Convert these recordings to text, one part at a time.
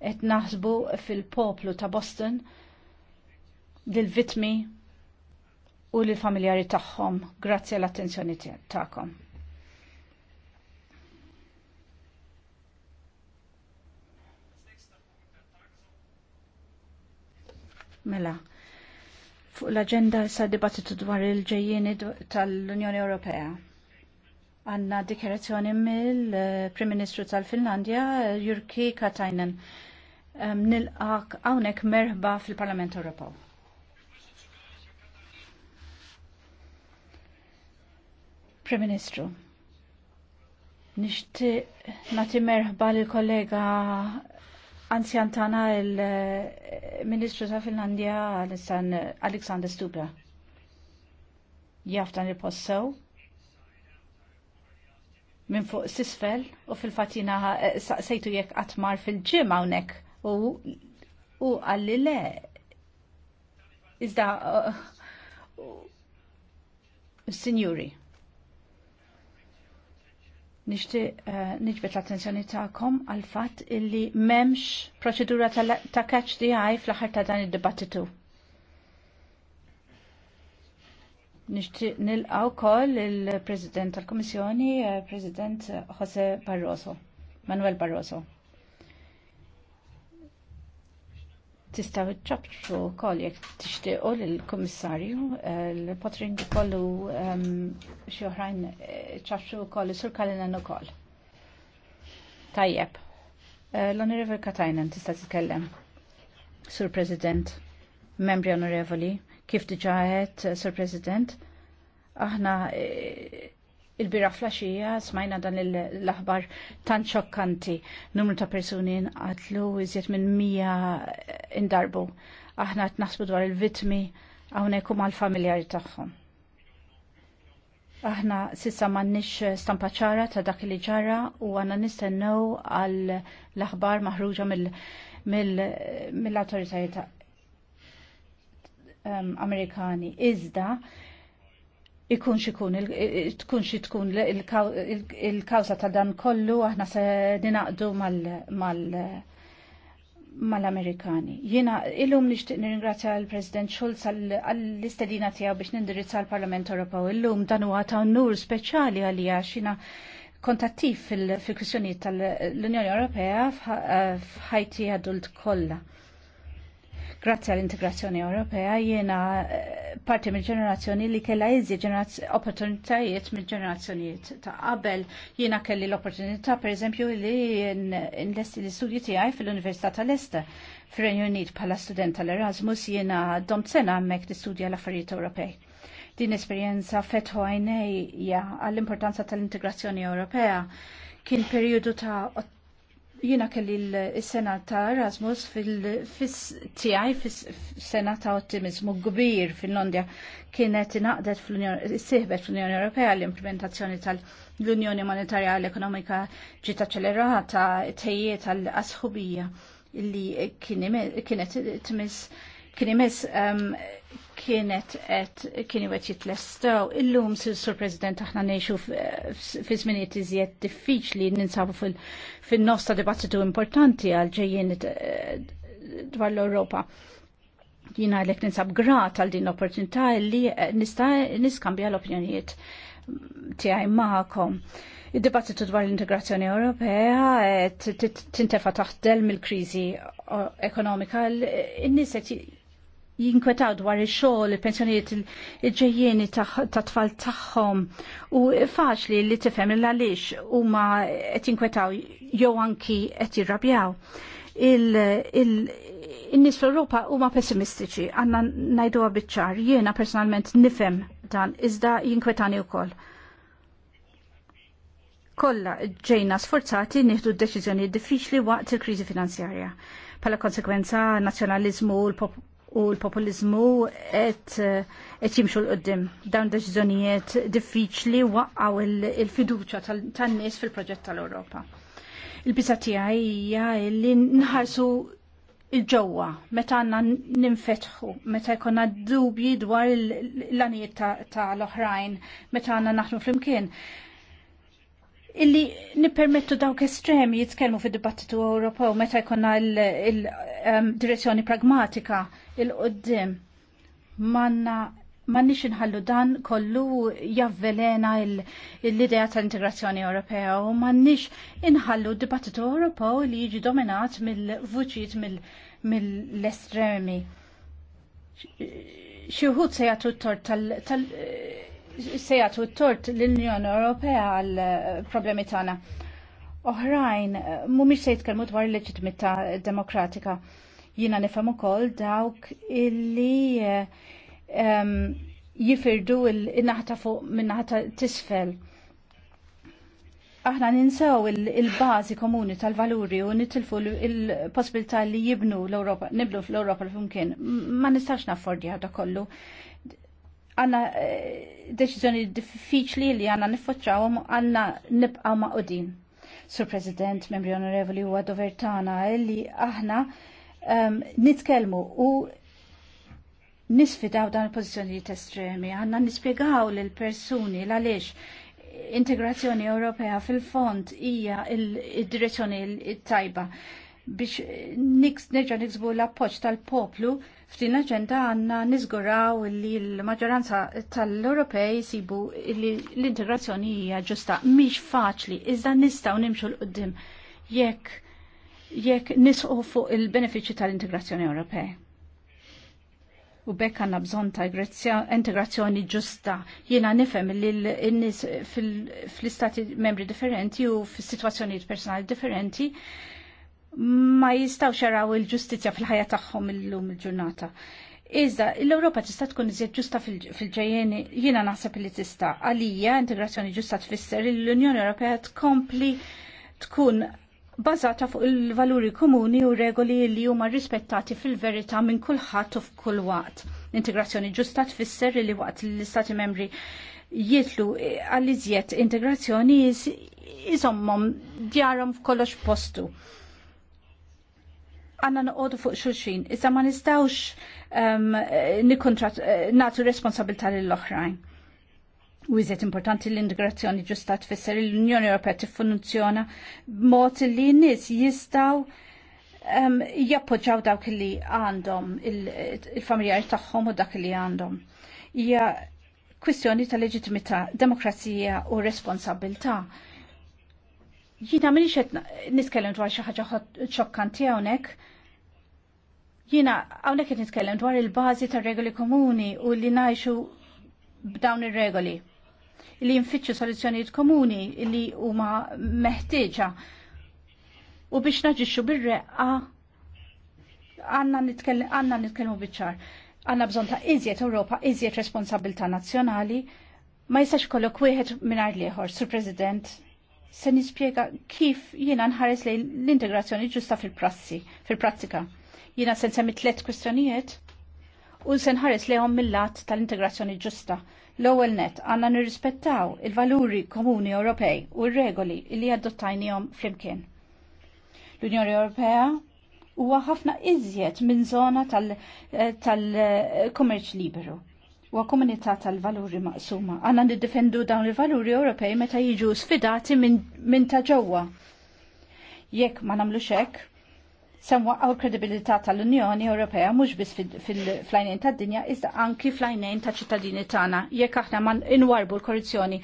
qed naħsbu fil-poplu ta' Boston lill-vitmi u lill familjari tagħhom. Grazzi għall attenzjoni tagħkom. Mela, fuq l-agenda sa dibattitu dwar il-ġejjieni tal-Unjoni Ewropea għanna dikjerazzjoni mill-Prim Ministru tal-Finlandja, Jurki Katajnen nilqak għawnek merħba fil-Parlament Ewropew. Prim Ministru, nishti nati merħba li kollega anzjan tana il-Ministru eh, ta' Finlandja Aleksandr Stupja. Jaftan il-possew minn fuq sisfel u fil-fatina eh, saqsejtu jekk għatmar fil-ġim għawnek u għalli le. Iżda, uh, Signori, nixti uh, nġbet l-attenzjoni ta'kom għal fatt illi memx proċedura ta' catch di għaj fl-ħar ta' dan id-dibattitu. Nixti nil-għaw kol il-President tal-Komissjoni, uh, President Jose Barroso, Manuel Barroso. Eh, ehm, eh, eh, tista' ċabċu kol jek tixtiequ l-komissarju, l-potring kollu xoħrajn ċabċu kol sur kalinan u kol. Tajjeb. L-Onorevoli Katajnan tista tkellem. Sur President, membri onorevoli, kif diġaħet, Sur President, aħna Il-bira flaxija smajna dan l-aħbar tan ċokkanti Numru ta' persuni nqatlu iżjed minn mija indarbu. Aħna qed naħsbu dwar il-vitmi hawnhekk huma l-familjari tagħhom. Aħna sissa m'għandniex stampa ċara ta' dak li ġara u għanna nistennew għal l-aħbar maħruġa mill-awtoritajiet um, Amerikani. Iżda, ikun xikun, tkun xi tkun il-kawza ta' dan kollu, aħna se dinaqdu mal-Amerikani. Jiena illum nixtieq nirringrazzja l-President Schulz għall-istedina tiegħu biex nindirizza għal parlament Ewropew. Illum dan huwa ta' nur speċjali għalija xina kontattiv fil-kwistjonijiet tal-Unjoni Ewropea f'ħajti għadult kollha Grazzi għall-integrazzjoni Ewropea jiena eh, parti mill ġenerazzjoni li kella jizzi opportunitajiet mill ġenerazzjonijiet ta' qabel jiena kelli l-opportunità per eżempju li nlesti l-istudji tiegħi fil-Università tal este fir-Renju Unit bħala student tal-Erasmus jiena dom sena hemmhekk nistudja l-affarijiet Ewropej din esperjenza fetħu għajnejja għall-importanza tal-integrazzjoni Ewropea kien periodu ta' Jina kelli l-sena ta' Erasmus fil-tijaj fil-sena ta' ottimizmu gbir fil-Londja kienet inaqdet fil-sihbet fil-Unjoni Ewropea l-implementazzjoni tal-Unjoni Monetarja l-Ekonomika ġiet ċelerata tejjiet tal-asħubija li kienet tmiss kien ehm, kienet et kienu għet jitlestaw. Illum sur President aħna ngħixu fi żminijiet iżjed diffiċli ninsabu fin-nofs ta' dibattitu importanti għal ġejjin eh, dwar l-Ewropa. Jina għalek ninsab grat għal din l-opportunità li eh, nista' niskambja l-opinjonijiet tiegħi magħkom. Id-dibattitu dwar l-integrazzjoni Ewropea eh, tintefa' taħt del mill-kriżi ekonomika. In-nies qed jinkwetaw dwar ix-xogħol, il-pensjonijiet il ġejjeni ta' tfal tagħhom u faċli li tifhem il u huma qed jinkwetaw jew anki qed jirrabjaw. In-nies fl-Ewropa huma pessimistiċi, għandna ngħiduha biċ-ċar. Jiena personalment nifhem dan iżda jinkwetani wkoll. Kolla ġejna sforzati nieħdu d-deċiżjoni diffiċli waqt il-kriżi finanzjarja. Pala konsekwenza nazjonalizmu u l u l-populizmu qed jimxu l-qoddim. Dawn deċizjonijiet diffiċli waqqaw il-fiduċa tan-nies fil-proġett tal-Ewropa. Il-bisa tiegħi hija li nħarsu il-ġewwa meta għandna ninfetħu, meta jkollna dubji dwar l-għanijiet tal-oħrajn, meta għandna naħnu flimkien. Illi nippermettu dawk estremi jitkellmu fid-dibattitu Ewropew meta jkollna il um, direzzjoni pragmatika il-qoddim. Manna Mannix inħallu dan kollu javvelena l-idea ta' integrazzjoni Ewropea u mannix inħallu dibattitu Ewropew li jiġi dominat mill-vuċiet mill-estremi. Xi wħud se jagħtu t-tort tal- t-tort l-Unjoni Ewropea għal problemi tagħna. Oħrajn mhumiex se jitkellmu dwar il mitta demokratika. Jina nifhem ukoll dawk illi um, jifirdu il-naħta fuq minnaħta tisfel. Aħna ninsew il-bazi il komuni tal-valuri u nitilfu il-possibilità li jibnu l-Europa, niblu fl-Europa l funkin Ma nistax naffordi għada kollu. Għanna eh, deċizjoni diffiċli li għanna nifoċawum għanna nibqaw ma' Sur President, membri onorevoli u għadovertana li aħna um, nitkellmu u nisfidaw dan il li estremi, għanna nispiegaw l persuni l-għaliex integrazzjoni Ewropea fil-fond hija id-direzzjoni tajba biex nerġa' niksbu l-appoġġ tal-poplu f'din l-aġenda għandna niżguraw li l-maġġoranza tal-Ewropej sibu li l-integrazzjoni hija ġusta mhix faċli iżda nistgħu nimxu l-qudiem jekk jekk nisqu fuq il-benefiċi tal-integrazzjoni Ewropea. U bekk għanna bżon ta' integrazzjoni ġusta. Jiena nifhem li l-nis fl-istati membri differenti u fis-sitwazzjonijiet personali differenti ma jistawx jaraw il-ġustizja fil-ħajja tagħhom illum il-ġurnata. Iżda, l-Europa tista' tkun iżjed ġusta fil-ġejjeni, jiena naħseb li tista' għalija integrazzjoni ġusta tfisser li l-Unjoni Ewropea tkompli tkun bazata fuq il-valuri komuni u regoli li huma rispettati fil-verità minn kulħadd u f'kull waqt. Integrazzjoni ġusta tfisser li waqt l-Istati membri jitlu għall iżjed integrazzjoni iżommhom djarhom f'kollox postu. Għanna noqogħdu fuq xulxin, iżda ma nistgħux um, ehm, natu eh, responsabilità lill-oħrajn U jizet importanti l-integrazzjoni ġusta tfisser l-Unjoni Ewropea tiffunzjona b'mod li n-nies jistgħu jappoġġaw dawk li għandhom il-familjari tagħhom u dak li għandhom. Hija kwistjoni ta' leġitimità, demokrazija u responsabilità. Jina minix qed niskellem dwar xi ħaġa ċokkanti hawnhekk, jina hawnhekk qed nitkellem dwar il-bazi tar regoli komuni u li najxu b'dawn ir-regoli li jinfittxu soluzzjonijiet komuni li huma meħtieġa. U biex naġixxu bir-reqqa għandna nitkellmu biċ-ċar. għandna bżonn ta' iżjed Ewropa, iżjed responsabilità nazzjonali, ma jistax kollok wieħed mingħajr lieħor, Sur President, se nispjega kif jiena nħares lejn l-integrazzjoni ġusta fil-prassi, fil-prattika. Jiena se nsemmi tliet kwistjonijiet u se nħares lejhom mill-lat tal-integrazzjoni ġusta L-ewwel net għandna nirrispettaw il-valuri komuni Ewropej u r-regoli li adottajnihom flimkien. L-Unjoni Ewropea huwa ħafna iżjed minn zona eh, tal-kummerċ tal liberu huwa komunità tal-valuri maqsuma. Għandna niddefendu dawn il-valuri Ewropej meta jiġu sfidati minn min ta' ġewwa. Jekk ma nagħmlux hekk, semwa għaw kredibilità tal-Unjoni Ewropea mhux biss fil-flajnejn tad-dinja iżda anki flajnejn ta' ċittadini tagħna jekk aħna ma inwarbu l-korruzzjoni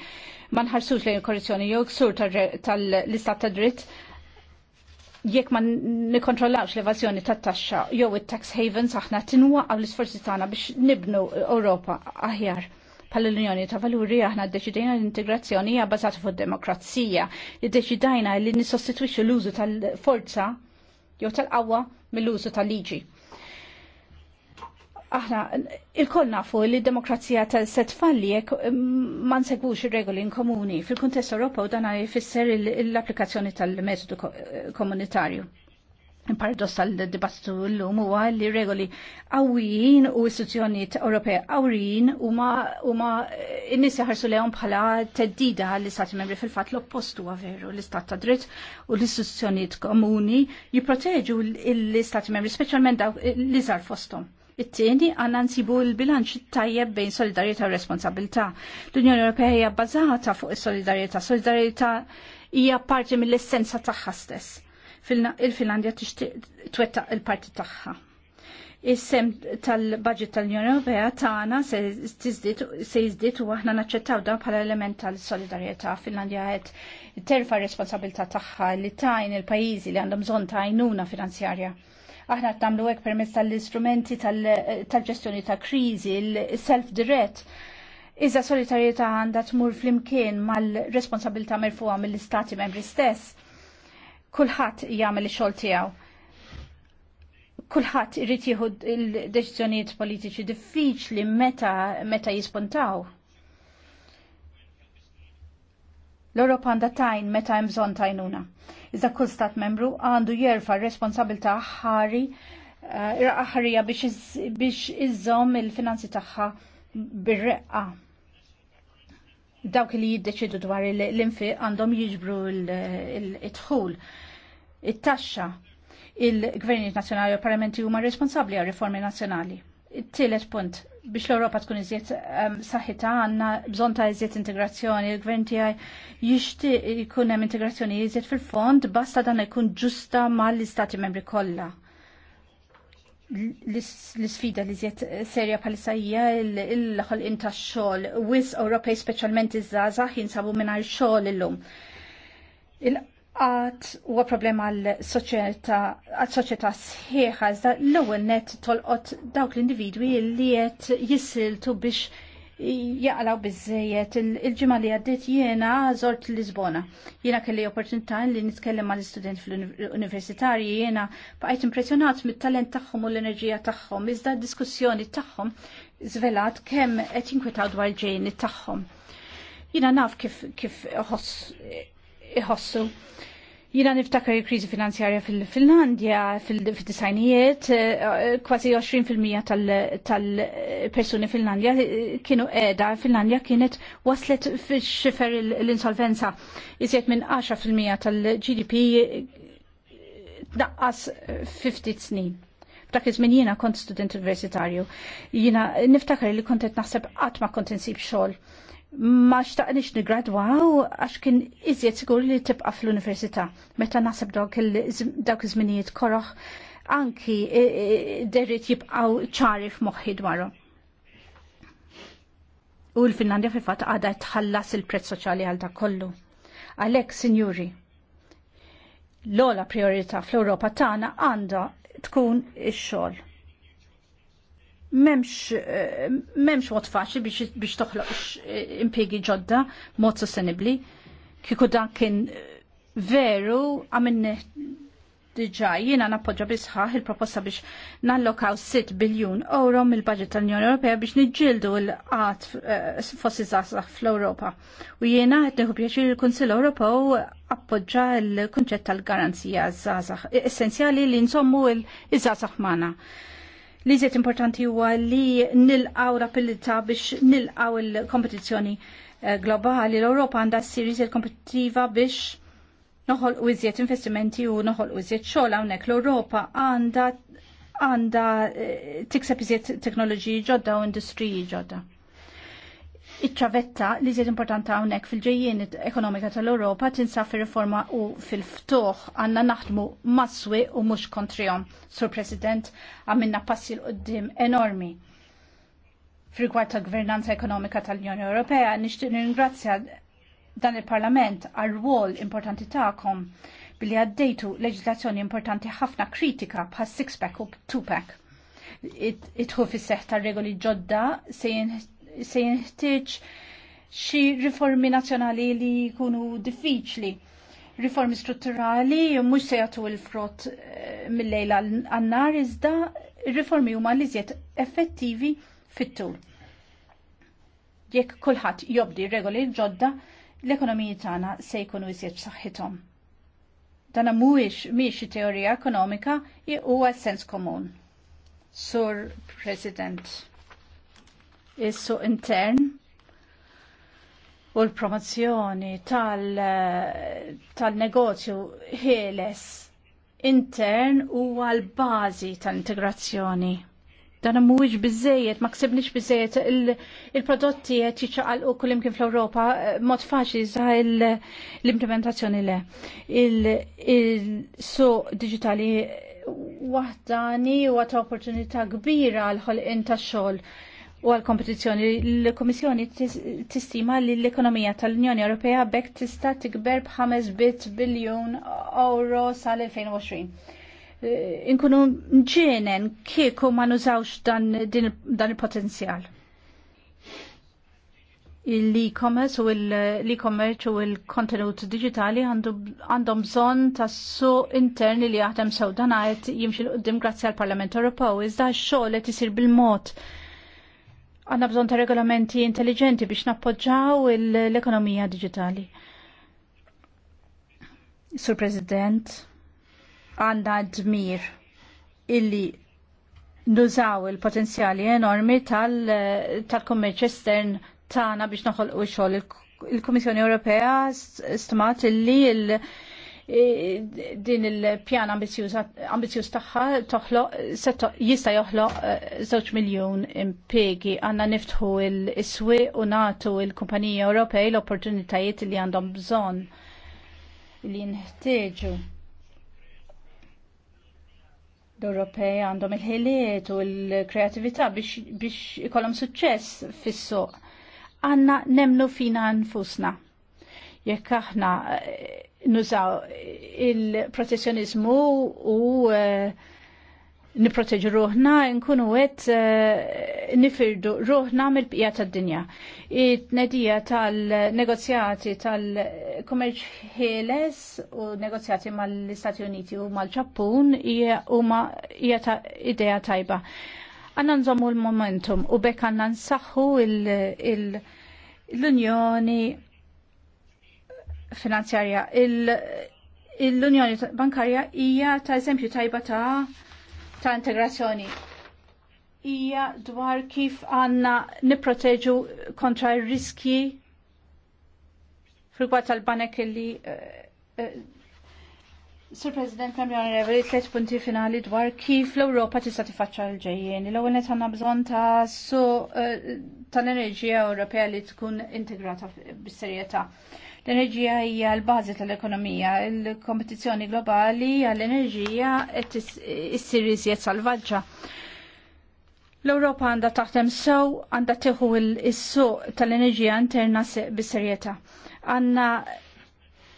ma nħarsux lejn il-korruzzjoni jew ksur tal-istat ta' dritt jekk ma nikkontrollawx l-evażjoni tat-taxxa jew it-tax havens aħna tinwaqgħu l-isforzi tagħna biex nibnu Ewropa aħjar pal l-Unjoni ta' Valuri aħna ddeċidejna l-integrazzjoni hija bbażata fuq demokrazija. ddeċidajna li nissostitwixxu l-użu tal-forza jew tal-qawwa mill-użu tal-liġi. Aħna, il-koll nafu li d-demokrazija tal-set tfalli jek mm, ma nsegwux ir-regoli komuni. Fil-kuntest u dan jfisser l-applikazzjoni tal-metodu komunitarju. Paradoss għal-dibattitu l-lum huwa li regoli għawin u istituzjoniet Ewropej għawin u ma ma innis eh, jaħarsu lejon bħala teddida li istati membri fil-fatt l-oppostu veru l-istat ta' dritt u l-istituzzjonijiet komuni jipproteġu l-istati membri speċjalment dawk li zar fosthom. It-tieni għandna nsibu l-bilanċ tajjeb bejn solidarieta u responsabilità. L-Unjoni Ewropea hija bbażata fuq is-solidarjetà, solidarjetà hija parti mill-essenza tagħha stess il-Finlandja tixtieq twettaq il-parti tagħha. Is-sem tal-budget tal-Unjoni Ewropea tagħna se jiżdied u aħna naċċettaw dan bħala element tal-solidarjetà. Finlandja qed terfa' responsabilità tagħha li tajn il-pajjiżi li għandhom bżonn ta' għajnuna finanzjarja. Aħna qed nagħmlu hekk permezz tal-istrumenti tal-ġestjoni ta' kriżi, il-self-direct. Iżda solidarjetà għandha tmur flimkien mal-responsabilità merfuha mill-istati membri stess kulħadd jagħmel ix-xogħol tiegħu. Kulħadd irid jieħu l-deċiżjonijiet politiċi diffiċli meta meta jispuntaw. L-Europa għandha tajn meta hemm bżonn tajnuna. Iżda kull stat membru għandu jerfa' responsabilità ħari eh, ħarija biex iżżomm il-finanzi tagħha bir-reqqa dawk li jiddeċidu dwar l-infiq għandhom jiġbru l-idħul, it-taxxa, il-gvernijiet nazzjonali u parlamenti huma responsabbli għal riformi nazzjonali. Tielet punt, biex l-Europa tkun iżjed ehm, saħħita għandna bżonn ta' iżjed integrazzjoni, il-gvern tiegħi jixtieq jkun hemm integrazzjoni iżjed fil-fond basta dan ikun ġusta mal-istati membri kollha l-sfida li zjed serja palissajja l-ħol inta xol. Wis Ewropej specialment iż-żaza jinsabu minar xol l-lum. Il-qat huwa problema għal-soċieta sħiħa, iżda l-ewwel net tolqot dawk l-individwi li qed jissiltu biex jaqraw bizzejiet. Il-ġimma li għaddit jena zort Lisbona. Jena kelli opportunità li nitkellem l student fl-universitarji jena bqajt impressionat mit-talent tagħhom u l-enerġija tagħhom. Iżda diskussjoni tagħhom zvelat kemm qed jinkwetaw dwar ġejni tagħhom. Jiena naf kif kif iħossu. Jina niftakar il-krizi finanzjarja fil-Finlandja, fil-disajnijiet, eh, eh, kważi 20% tal-persuni Finlandja eh, kienu edha, Finlandja kienet waslet fil-xifer l-insolvenza. Iżjed minn 10% tal-GDP naqqas 50 snin. Dak iż-żmien jiena kont student universitarju. Jiena niftakar li kontet naħseb qatt ma kont insib xogħol ma xtaqnix nigradwaw għax kien iżjed sigur li tibqa fl-università. Meta naħseb dawk iż-żminijiet koroħ anki e, e, derrit jibqaw ċari f'moħħi dwarhom. U l-Finlandja fil-fatt għadha tħallas il-prezz soċjali għal dak kollu. Għalhekk, sinjuri, l-ola priorità fl-Ewropa tagħna għandha tkun ix-xogħol memx eh, memx mod faċli biex, biex toħloq eh, impjegi ġodda mod sostenibli. Kieku dan kien eh, veru għamilne diġa jiena nappoġġa bisħaħ il-proposta biex nallokaw 6 biljun euro mill-budget tal-Unjoni Ewropea biex niġġieldu l-qat fossi zazax fl-Ewropa. U jiena qed nieħu pjaċir il-Kunsill Ewropew appoġġa l-kunċett tal-garanzija zazax, essenzjali li nsommu l-żazax magħna. Li zet importanti huwa li nilqaw rapidità biex nilqaw il-kompetizzjoni eh, globali. L-Europa għandha s-siri kompetittiva biex noħol u iżjed investimenti u noħol u iżjed xogħol hawnhekk l-Ewropa għandha għandha eh, tikseb iżjed teknoloġiji ġodda u industriji ġodda. Iċ-ċavetta li żied importanti hawnhekk fil-ġejjien ekonomika tal-Ewropa tinsab fir-riforma u fil-ftuħ għandna naħdmu maswi u mhux kontrihom. Sur President, għamilna passi l-qoddim enormi Frigwar tal-gvernanza ekonomika tal-Unjoni Ewropea, nixtieq nirringrazzja dan il-Parlament għal rwol importanti tagħkom billi għaddejtu leġislazzjoni importanti ħafna kritika bħas six-pack u two-pack. Itħu fis seħħ tar regoli ġodda se se jinħtieġ xi riformi nazzjonali li jkunu diffiċli. Riformi strutturali mhux se jagħtu l-frott eh, mill-lejla għan-nar iżda riformi huma li żjed effettivi fit-tul. Jekk kulħadd jobdi regoli ġodda, l-ekonomiji tagħna se jkunu iżjed saħħithom. Dan mhuwiex mhix teorija ekonomika huwa sens komun. Sur President is-suq intern u l-promozzjoni tal-negozju ħieles intern huwa l-bażi tal-integrazzjoni. Dan mhuwiex bizzejiet, ma ksibniex bizzejiet, il-prodotti il qed jiċċaqalqu kullim kien fl-Ewropa eh, mod faċli sa l-implementazzjoni le. Il-suq il digitali wahdani u għata opportunità kbira għal ħolqien tax xogħol u għal kompetizzjoni l-Komissjoni tistima li l-ekonomija tal-Unjoni Ewropea bekk tista' tikber b'5 bit biljun euro sal-2020. Eh, inkunu nġenen kieku ma nużawx dan il-potenzjal. L-e-commerce u l-e-commerce u l-kontenut digitali għandhom bżon su interni li jaħdem sew dan għajt jimxil qoddim grazzi għal Parlament Ewropew iżda x-xogħol qed isir bil-mod Għanna bżon ta' regolamenti intelligenti biex nappoġġaw l-ekonomija digitali. Sur President, għanna dmir illi nużaw il-potenzjali enormi tal-kommerċ tal estern tagħna biex u xogħol il-Kummissjoni Ewropea stmat illi il-, il din il-pjan ambizjuż tagħha jista' joħloq eh, żewġ miljun impiegi għandna niftħu l iswi u nagħtu l-kumpaniji Ewropej l-opportunitajiet li għandhom bżonn li nħtieġu. L-Ewropej għandhom il-ħiliet u l-kreativita biex ikollhom suċċess fis-suq. Għanna nemnu fina nfusna. Jekk aħna eh, nużaw il-protezzjonizmu u eh, niproteġu ruħna, nkunu għet eh, nifirdu ruħna mill-bqija tad-dinja. It-nedija tal-negozjati tal-kommerċ ħeles u negozjati mal-Istati Uniti u mal-Ġappun huma hija ta' idea tajba. Għanna nżommu l-momentum u bekk għanna nsaħħu l-Unjoni il, il, l unjoni finanzjarja. L-Unjoni Bankarja hija ta' eżempju tajba ta' ta' integrazzjoni. Hija dwar kif għanna niproteġu kontra riski fil-gwad tal-banek li eh, eh, Sur President, kemmi għanreveli tliet punti finali dwar kif l-Europa tista' tifaċċa l-ġejjien. L-ewwel qed għandna bżonn ta' su eh, tal-enerġija Ewropea li tkun integrata bis-serjetà. L-enerġija hija l-bażi tal-ekonomija. Il-kompetizzjoni globali għall-enerġija issir iżjed salvaġġa. L-Ewropa għandha taħdem sew għandha tieħu is-suq tal-enerġija interna bis-serjetà. Għandna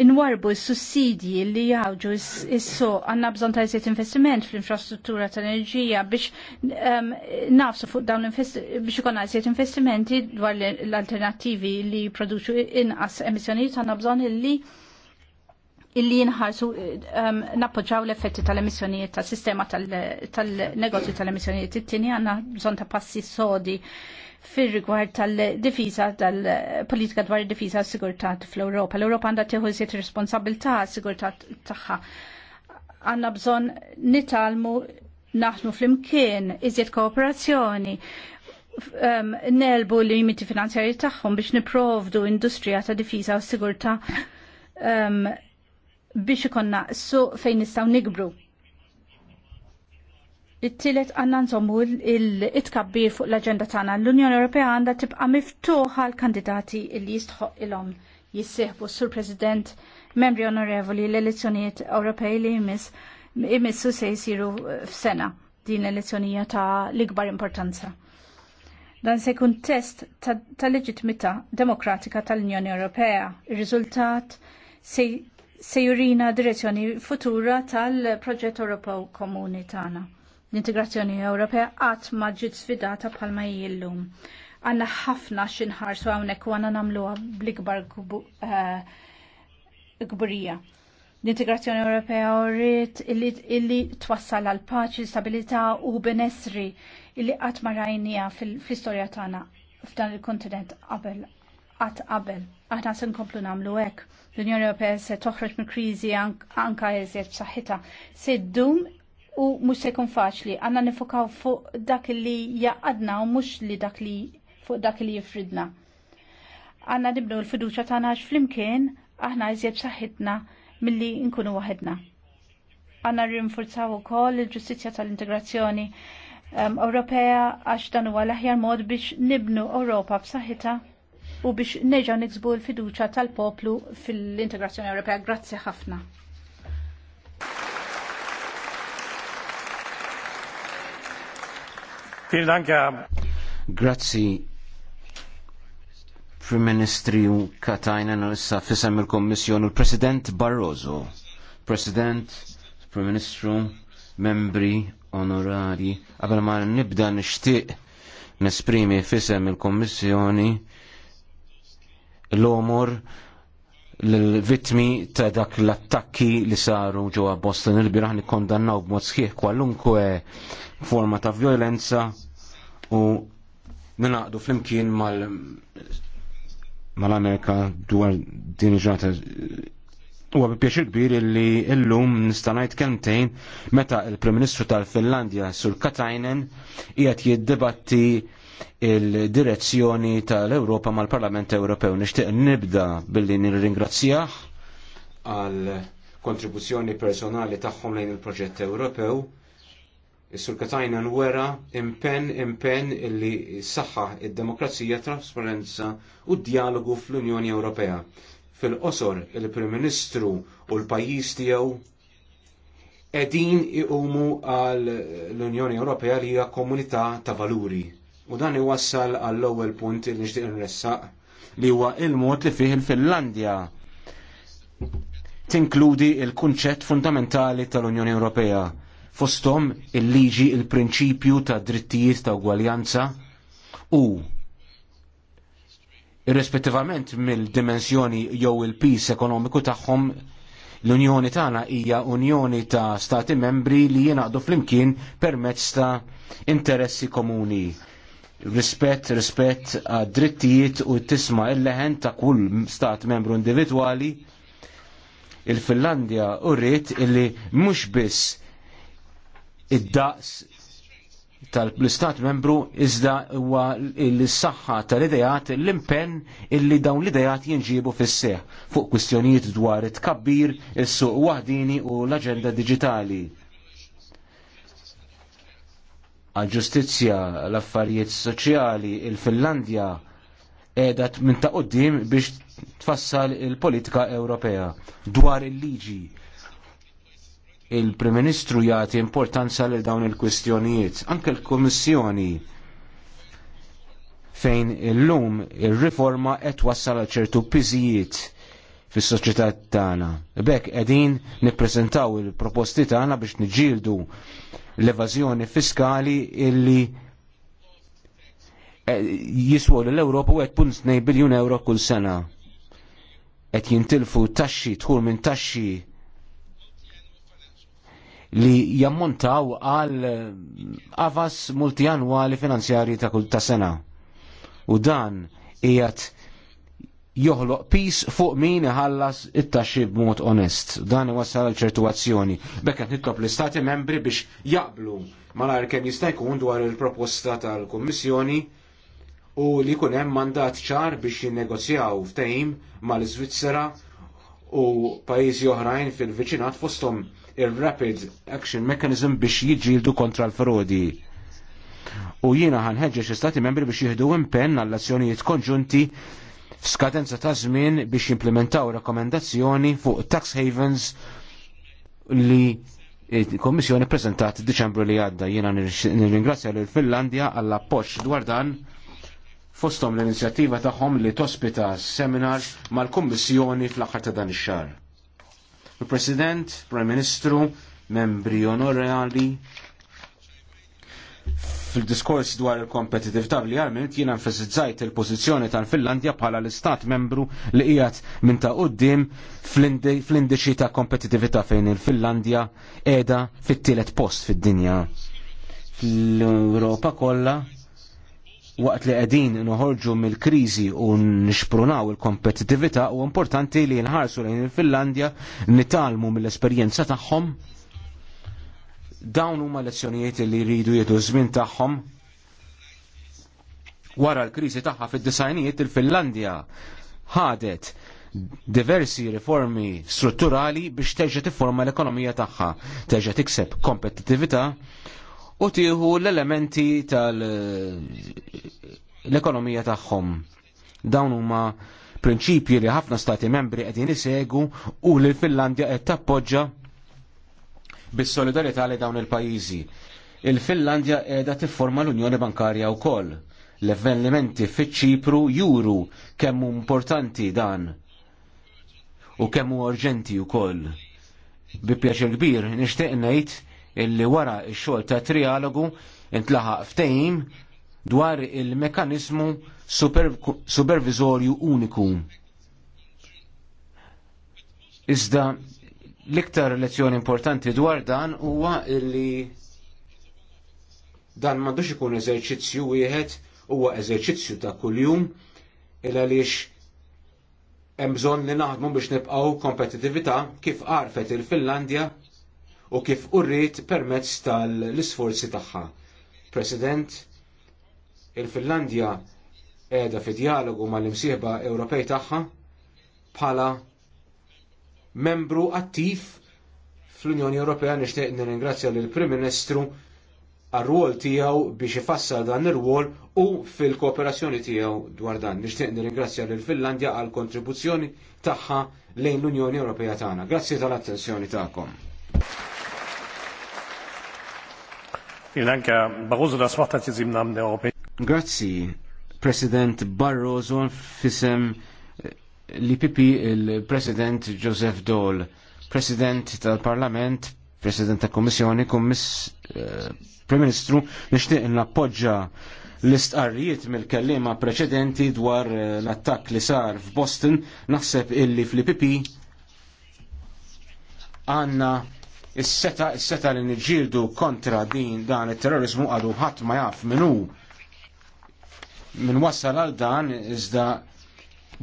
inwarbu s-sussidji li jawġu s-so għanna bżon ta' jisiet investiment fl-infrastruttura tal-enerġija biex um, nafsu fuq dawn biex ikon jisiet investimenti dwar l-alternativi li produċu inqas emissjonijiet għanna bżon illi illi jinħarsu um, nappoġġaw l-effetti tal-emissjonijiet tal-sistema tal-negozju tal-emissjonijiet. It-tini għanna bżon ta' passi sodi fir rigward tal-difisa tal-politika dwar id-difisa s-sigurtat fl-Europa. L-Europa għandha tieħu iżjed responsabilità s-sigurtat tagħha. Għandna bżonn nitalmu naħdmu flimkien iżjed kooperazzjoni, um, nelbu l-limiti finanzjari tagħhom biex niprovdu industrija ta' difiża u sigurtà um, biex ikonna su fejn nistgħu nikbru It-tielet għanna nżommu il-itkabbir fuq l-agenda tagħna. L-Unjoni Ewropea għandha tibqa' miftuħa l-kandidati li jistħoq ilhom jissieħbu sur President membri onorevoli l-elezzjonijiet Ewropej li jmiss imissu se jsiru eh, f'sena din l-elezzjonija ta' l-ikbar importanza. Dan se jkun test ta', ta leġitmità demokratika tal-Unjoni Ewropea. Ir-riżultat se, se jurina direzzjoni futura tal-proġett Ewropew Komuni tagħna L-integrazzjoni Ewropea qatt ma ġiet sfidata bħalma jillum. Għanna ħafna xinħarsu hawnhekk u għandna nagħmluha bl-ikbar eh, gburija. L-integrazzjoni Ewropea urrit illi twassal għal paċi, stabilità u benessri illi qatt ma rajnija fl-istorja tagħna f'dan il-kontinent qabel qatt qabel. Aħna se nkomplu nagħmlu hekk. L-Unjoni Ewropea se toħroġ mill-kriżi anka eżjed b'saħħitha. Se ddum u mhux se jkun faċli. għanna nifokaw fuq dak li jaqadna u mhux li dak li fuq dak li jifridna. Għanna nibnu l-fiduċa tagħna flimkien aħna saħitna mill milli nkunu waħedna. Għandna rinforzaw ukoll il-ġustizzja tal-integrazzjoni um, Ewropea għax dan huwa l-aħjar mod biex nibnu Ewropa b'saħħitha u biex neġa' niksbu l-fiduċa tal-poplu fil-integrazzjoni Ewropea. Grazzi ħafna. Grazzi. Prim Ministru Katajnen issa fisem il-Kommissjon u l-President Barroso. President, Prim Ministru, membri onorari, qabel ma nibda nixtieq nesprimi fisem il-Kommissjoni l-omor l-vitmi ta' dak l-attakki li saru ġewwa Boston il-biraħ nikkondannaw b'mod sħiħ kwalunkwe forma ta' violenza u ninaqdu flimkien mal mal-Amerika dwar din ġrata huwa bi pjaċir kbir li illum nista' ngħid meta il-Prim Ministru tal-Finlandja Sur Katajnen qiegħed jiddibatti il-direzzjoni tal-Ewropa mal-Parlament Ewropew. Nixtieq nibda billi nirringrazzjah għal kontribuzzjoni personali tagħhom lejn il-proġett Ewropew Is-sur Katajna nwera impenn impenn illi saħħa id-demokrazija, trasparenza u d-dialogu fl-Unjoni Ewropea. Fil-qosor il-Prim Ministru u l-pajjiż tiegħu qegħdin iqumu għal l-Unjoni Ewropea li hija komunità ta' valuri. U dan iwassal għall-ewwel punt li nixtieq nressaq li huwa il-mod li fih il-Finlandja tinkludi il-kunċett fundamentali tal-Unjoni Ewropea fostom il-liġi il-prinċipju ta' drittijiet ta' ugwaljanza u irrespettivament mill-dimensjoni jew il-pis ekonomiku tagħhom l-Unjoni tagħna hija unjoni ta' stati membri li jingħaqdu flimkien permezz ta' interessi komuni. Rispett, rispett għad drittijiet u tisma' il-leħen ta' kull stat membru individwali il-Finlandja u rrit illi mhux biss id-daqs tal-istat membru iżda huwa l-saħħa tal-idejat l-impenn illi dawn l-idejat jinġibu fis-seħ fuq kwistjonijiet dwar it-kabbir, is-suq waħdini u l-aġenda diġitali. Għal-ġustizzja, l-affarijiet soċjali, il-Finlandja edha minn ta' qoddim biex tfassal il-politika Ewropea dwar il-liġi il-Prim Ministru jagħti importanza lil dawn il-kwistjonijiet. Anke l-Kummissjoni fejn illum ir-riforma qed wassal ċertu piżijiet fis-soċjetà tagħna. Bekk qegħdin nippreżentaw il-proposti tagħna biex niġġieldu l-evażjoni fiskali illi jiswu l-Ewropa 1.2 biljun euro kull sena. Qed jintilfu taxxi tħul minn taxxi li jammontaw għal avas multijanwali finanzjarji ta' kull ta' sena. U dan ijat joħloq pis fuq min iħallas it-taxxi b'mod onest. Dan iwassal għal ċertuazzjoni. Bekk qed nitlob l-istati membri biex jaqblu malar kemm jista' jkun dwar il-proposta tal-Kummissjoni u li jkun hemm mandat ċar biex jinnegozjaw ftehim mal svizzera u pajjiżi oħrajn fil-viċinat fosthom il-Rapid Action Mechanism biex jiġġieldu kontra l-frodi. U jiena ħanħeġġeġ istati membri biex jieħdu impenn għall-azzjonijiet konġunti f'skadenza ta' żmien biex jimplementaw rekomendazzjoni fuq tax havens li il-Kommissjoni prezentat Deċembru li għadda jiena nirringrazzja l finlandja għall appoġġ dwar dan fostom l-inizjattiva tagħhom li tospita seminar mal-Kummissjoni fl-aħħar ta' dan ix-xahar il-President, Prime Ministru, membri onorali. Fil-diskors dwar il-kompetitività li għamilt jien enfasizzajt il-pożizzjoni tal-Finlandja bħala l-istat membru li qiegħed minn ta' qudiem fl-indiċi ta' kompetitività fejn il-Finlandja qiegħda fit-tielet post fid-dinja. Fl-Europa kollha waqt li qegħdin noħorġu mill-kriżi u nixprunaw il-kompetittività u importanti li nħarsu lejn il-Finlandja nitalmu mill-esperjenza tagħhom dawn huma lezzjonijiet li jridu jieħdu żmien tagħhom wara l-kriżi tagħha fid-disajnijiet il-Finlandja ħadet diversi riformi strutturali biex terġa' tifforma l-ekonomija tagħha, terġa' tikseb kompetittività u tieħu l-elementi tal-ekonomija tagħhom. Dawn huma prinċipji li ħafna stati membri qegħdin isegu u li l-Finlandja qed tappoġġa bis solidarjetà li dawn il-pajjiżi. Il-Finlandja qiegħda tifforma l-Unjoni Bankarja wkoll. L-avvenimenti fiċ-Ċipru juru kemm importanti dan u kemm urġenti wkoll. Bi pjaċir kbir nixtieq ngħid illi wara x-xogħol ta' trialogu intlaħa ftehim dwar il-mekanizmu supervizorju uniku. Iżda l-iktar lezzjoni importanti dwar dan huwa li dan m'għandux ikun eżerċizzju wieħed huwa eżerċizzju ta' kuljum il għaliex hemm bżonn li naħdmu biex nibqgħu kompetitività kif għarfet il-Finlandja u kif urrit permezz tal-isforzi tagħha. President, il-Finlandja qiegħda fi dialogu mal-imsieħba Ewropej tagħha bħala membru attiv fl-Unjoni Ewropea nixtieq nirringrazzja lill prim Ministru għar-rwol tiegħu biex ifassal dan ir-rwol u fil-kooperazzjoni tiegħu dwar dan. Nixtieq nirringrazzja lill Finlandja għall kontribuzzjoni tagħha lejn l-Unjoni Ewropea tagħna. Grazzi tal-attenzjoni tagħkom. Grazzi, President Barroso, fisem eh, l-IPP il-President Joseph Dole, President tal-Parlament, President ta' Komissjoni, Kommiss, eh, Prim Ministru, nishtiq nappoġġa l-istqarrijiet mill-kellima preċedenti dwar eh, l-attakk li sar f'Boston, naħseb illi fl-IPP għanna Is-seta is-seta li niġġieldu kontra din dan it-terrorizmu għadu ħadd ma jaf minnu. Min wassal għal dan iżda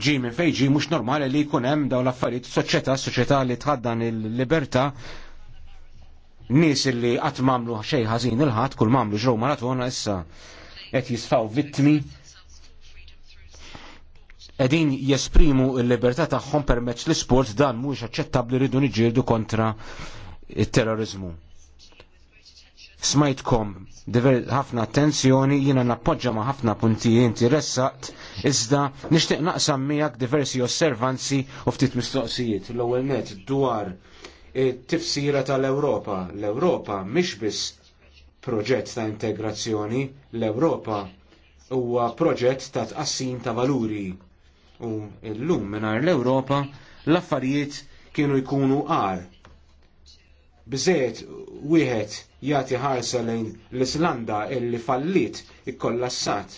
ġi minn fejn ġi mhux normali li jkun hemm dawn l-affarijiet soċjetà, soċjetà li tħaddan il-libertà nies li qatt mamlu xejn ħażin il-ħadd kull mamlu ġew maratona issa qed jisfaw vittmi edin jesprimu il-libertà tagħhom permezz l-isport dan mhux aċċettabbli rridu niġġieldu kontra il-terrorizmu. Smajtkom ħafna attenzjoni jina nappoġġa ma' ħafna punti jinti ressaqt, iżda nixtieq naqsam miegħek diversi osservanzi u ftit mistoqsijiet. L-ewwel net dwar tifsira tal-Ewropa. L-Ewropa mhix biss proġett ta' integrazzjoni, l-Ewropa huwa proġett ta' tqassim ta' valuri. U llum mingħajr l-Ewropa l-affarijiet kienu jkunu għar Bżejt wieħed jagħti ħarsa lejn l-Islanda illi fallit ikkollassat.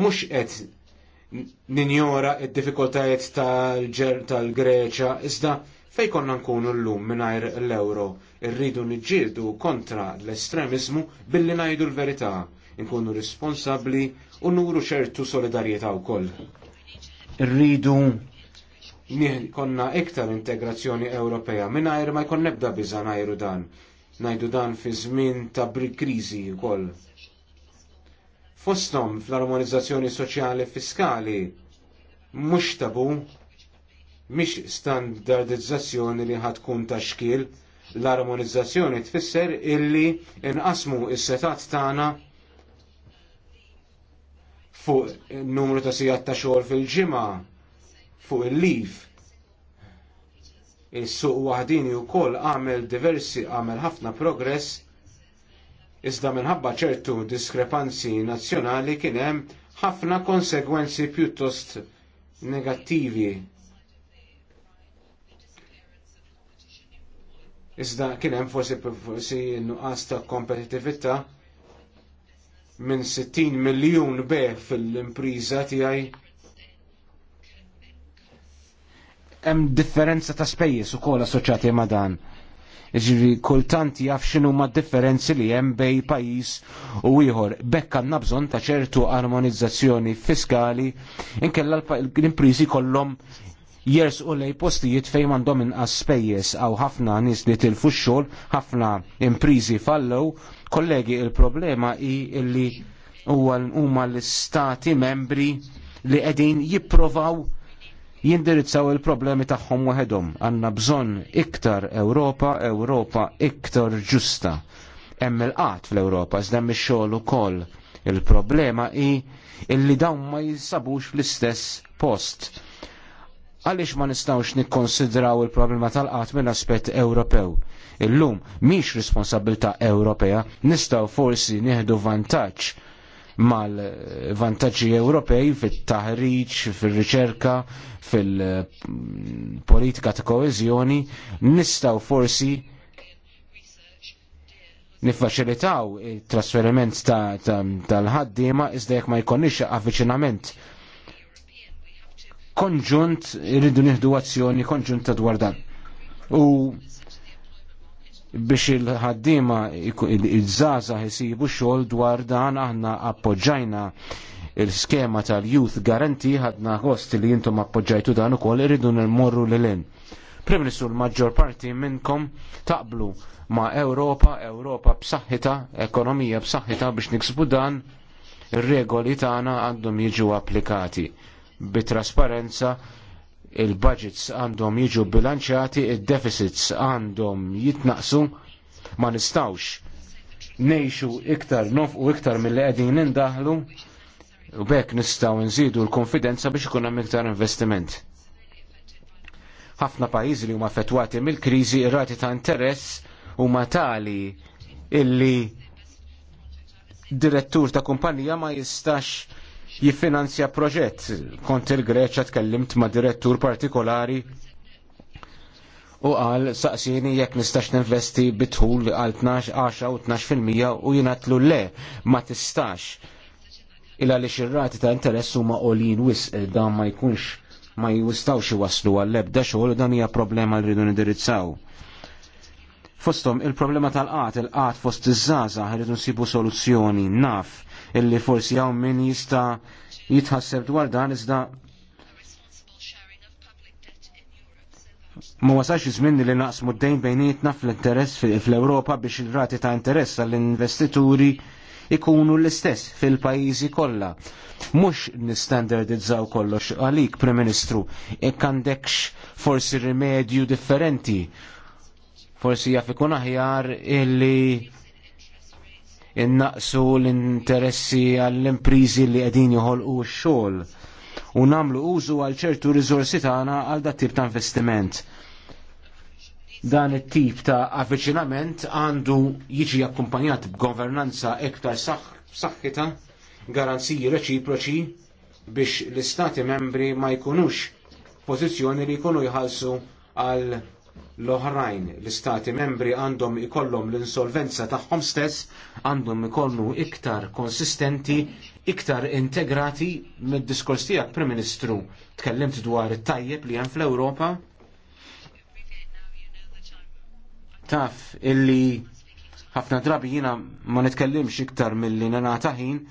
Mhux qed ninjora d-diffikultajiet tal-Greċa iżda fejn konna nkunu llum mingħajr l-euro. Irridu niġġieldu kontra l-estremiżmu billi ngħidu l-verità, nkunu responsabbli u nuru ċertu solidarjetà wkoll. Irridu konna iktar integrazzjoni Ewropea mingħajr ma jkun nebda biża ngħajru dan. Ngħidu dan fi żmien ta' kriżi wkoll. Fosthom fl-armonizzazzjoni soċjali fiskali mhux tabu mhix standardizzazzjoni li tkun ta' xkil l-armonizzazzjoni tfisser illi inqasmu is-setat tagħna fuq numru ta' sigħat ta' xogħol fil-ġimgħa fuq il-lif. Is-suq u wkoll għamel diversi għamil ħafna progress iżda minħabba ċertu diskrepanzi nazzjonali kien hemm ħafna konsegwenzi pjuttost negattivi. Iżda kien hemm forsi forsi nuqqas ta' kompetittività minn 60 miljun be fil-impriża tiegħi hemm differenza ta' spejjeż ukoll assoċjati ma' dan. Ġiri kultant jaf x'inhu ma' differenzi li hemm bej pajjiż u ieħor. Bekk għandna bżonn ta' ċertu armonizzazzjoni fiskali inkella l-imprizi kollhom jers u lej postijiet fejn għandhom inqas spejjeż għaw ħafna nies li tilfu x-xogħol, ħafna imprizi fallow, kollegi il-problema hi illi huma l-istati membri li qegħdin jipprovaw jindirizzaw il-problemi tagħhom waħedhom. Għandna bżonn iktar Ewropa, Ewropa iktar ġusta. Hemm il-qat fl-Ewropa, iżda hemm ix-xogħol ukoll. Il-problema hi illi dawn ma jinsabux fl-istess post. Għaliex ma nistawx nikkonsidraw il-problema tal-qat minn aspett Ewropew. Illum mhix responsabilità Ewropea, nistgħu forsi nieħdu vantaġġ mal-vantaġġi Ewropej fit-taħriġ, fil-riċerka, fil-politika ta' koeżjoni, nistgħu forsi niffaċilitaw it-trasferiment tal-ħaddiema iżda jekk ma jkollniex avviċinament konġunt irridu nieħdu azzjoni konġunta dwar dan. U biex il-ħaddima il-żaza jisibu xogħol dwar dan aħna appoġġajna il-skema tal-Youth Garanti ħadna għost li jintum appoġġajtu dan ukoll irridu nmorru l in Prim l-maġġor parti minnkom taqblu ma' Ewropa, Ewropa b'saħħita, ekonomija b'saħħita biex niksbu dan ir-regoli tagħna għandhom jiġu applikati bit-trasparenza il-budgets għandhom jiġu bilanċati, il-deficits għandhom jitnaqsu, ma nistawx nejxu iktar nof u iktar mill-li għedin nindahlu u bekk nistaw nżidu l-konfidenza biex ikun hemm iktar investiment. Ħafna pajjiżi li huma affettwati mill-kriżi ir-rati ta' interess huma tali illi direttur ta' kumpanija ma jistax jiffinanzja proġett. Kont il-Greċa tkellimt ma' direttur partikolari u għal saqsini jekk nistax ninvesti bitħul għal 12, u 12% u jinatlu le ma tistax illa li xirrati ta' interess huma qolin wis eh, dan ma jkunx ma jwistawx iwaslu għal ebda xogħol u dan hija problema li rridu nindirizzaw. Fostom il-problema tal-qat, il-qat fost iż-żaza rridu nsibu soluzzjoni naf illi forsi hawn min jista' jitħasseb dwar dan iżda ma wasax jizmin żmien li naqsmu d-dejn bejnietna fl-interess fl-Ewropa biex il-rati ta' interess għall-investituri ikunu l-istess fil-pajjiżi kollha. Mhux nistandardizzaw kollox għalik, Prim Ministru, jekk għandekx forsi rimedju differenti. Forsi jaf ikun aħjar illi innaqsu l-interessi għall-imprizi li qegħdin joħolqu x-xogħol u nagħmlu użu għal ċertu rizorsi tagħna għal dat tip ta' investiment. Dan it-tip ta' avviċinament għandu jiġi akkumpanjat b'governanza iktar saħħita, garanziji reċiproċi biex l-istati membri ma jkunux pożizzjoni li jkunu jħallsu għal l-oħrajn l-istati membri għandhom ikollhom l-insolvenza tagħhom stess, għandhom ikollu iktar konsistenti, iktar integrati mid-diskors tiegħek Prim Ministru. Tkellimt dwar it-tajjeb li hemm fl-Ewropa. Taf illi ħafna drabi jiena ma nitkellimx iktar milli nagħta ħin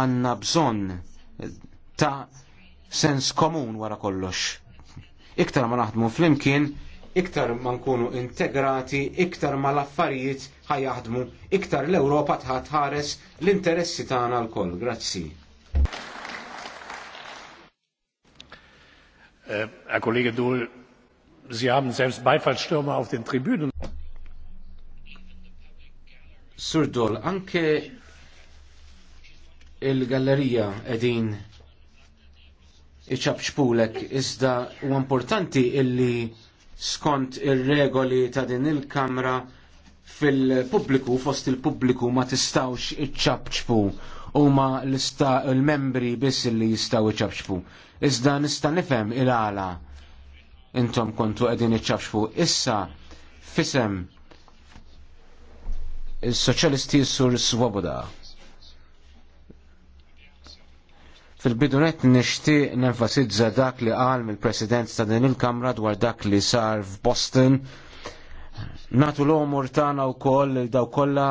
għandna bżonn ta' sens komun wara kollox. Iktar ma naħdmu flimkien iktar ma nkunu integrati, iktar ma l-affarijiet ħajaħdmu, iktar l-Ewropa tħatħares l-interessi tagħna l-koll. Grazzi. Äh, Herr Kollege Daul, Sie haben selbst Beifallstürme auf den Tribünen. Sur Daul, anke il-gallerija edin iċabċpulek, iżda u importanti illi skont ir-regoli ta' din il-kamra fil-pubbliku fost il-pubbliku ma tistawx iċċabċbu u ma l-membri biss li jistaw iċċabċbu. Iżda nista' nifhem il-għala intom kontu qegħdin iċċabċbu. Issa fisem is-soċjalisti sur Swoboda. Fil-bidunet nishti nenfasizza dak li qal mill-President ta' din il-Kamra dwar dak li sar f'Boston. Natu l-omur tagħna wkoll daw kollha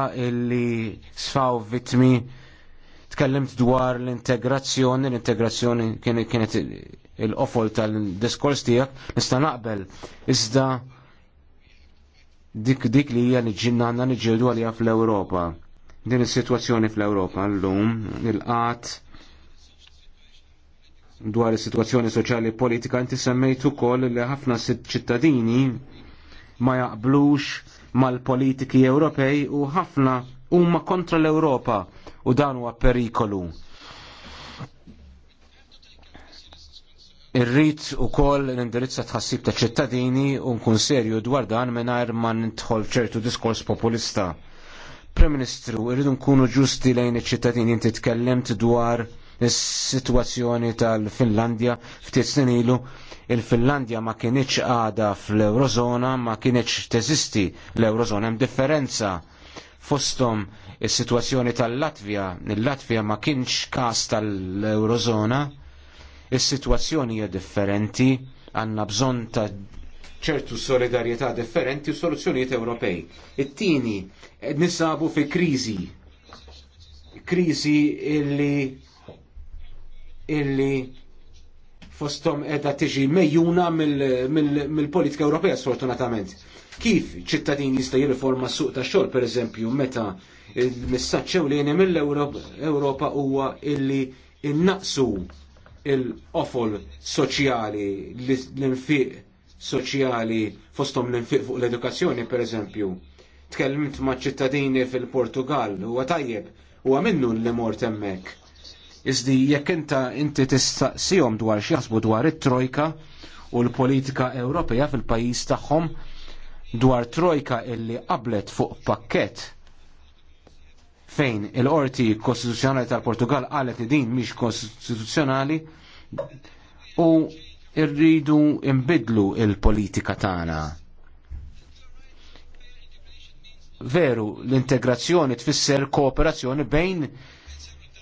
li sfaw vittmi tkellimt dwar l-integrazzjoni, l-integrazzjoni kienet il-qofol tal-diskors tiegħek nista' naqbel. Iżda dik dik li hija niġġinna għandna niġġieldu għalija fl-Ewropa. Din is-sitwazzjoni fl-Ewropa llum il-qatt dwar is-sitwazzjoni soċjali politika inti semmejt ukoll li ħafna ċittadini ma jaqblux mal-politiki Ewropej u ħafna huma kontra l-Ewropa u dan huwa perikolu. Irrid ukoll l-indirizza tħassib ta' ċittadini u nkun serju dwar dan mingħajr ma nidħol ċertu diskors populista. Prem Ministru, irridu nkunu ġusti lejn iċ-ċittadini inti tkellimt dwar is-sitwazzjoni tal-Finlandja ftit snin ilu. Il-Finlandja ma kienieċ għada fl-Eurozona, ma kienieċ teżisti l-Eurozona, hemm differenza fostom is-sitwazzjoni tal-Latvja. Il-Latvja ma kienx każ tal-Eurozona, is-sitwazzjoni hija differenti, għandna bżonn ta' ċertu solidarjetà differenti u soluzzjonijiet Ewropej. It-tieni nisabu fi kriżi kriżi illi illi fostom edha tiġi mejjuna mill-politika Ewropea sfortunatament. Kif ċittadin jista' jirriforma s-suq ta' xogħol pereżempju meta il-messaġġ ewlieni mill-Ewropa huwa illi innaqsu il-qofol soċjali, l-infiq soċjali fostom l-infiq fuq l-edukazzjoni pereżempju. Tkellimt ma' ċittadini fil-Portugal huwa tajjeb huwa minnu li mort hemmhekk Iżdi jekk inta inti tistaqsihom dwar x'jaħsbu dwar it-trojka u l-politika Ewropea fil-pajjiż tagħhom dwar trojka illi qablet fuq pakkett fejn il-qorti kostituzzjonali tal-Portugal qalet li din mhix kostituzzjonali u rridu imbidlu il-politika tagħna. Veru, l-integrazzjoni tfisser kooperazzjoni bejn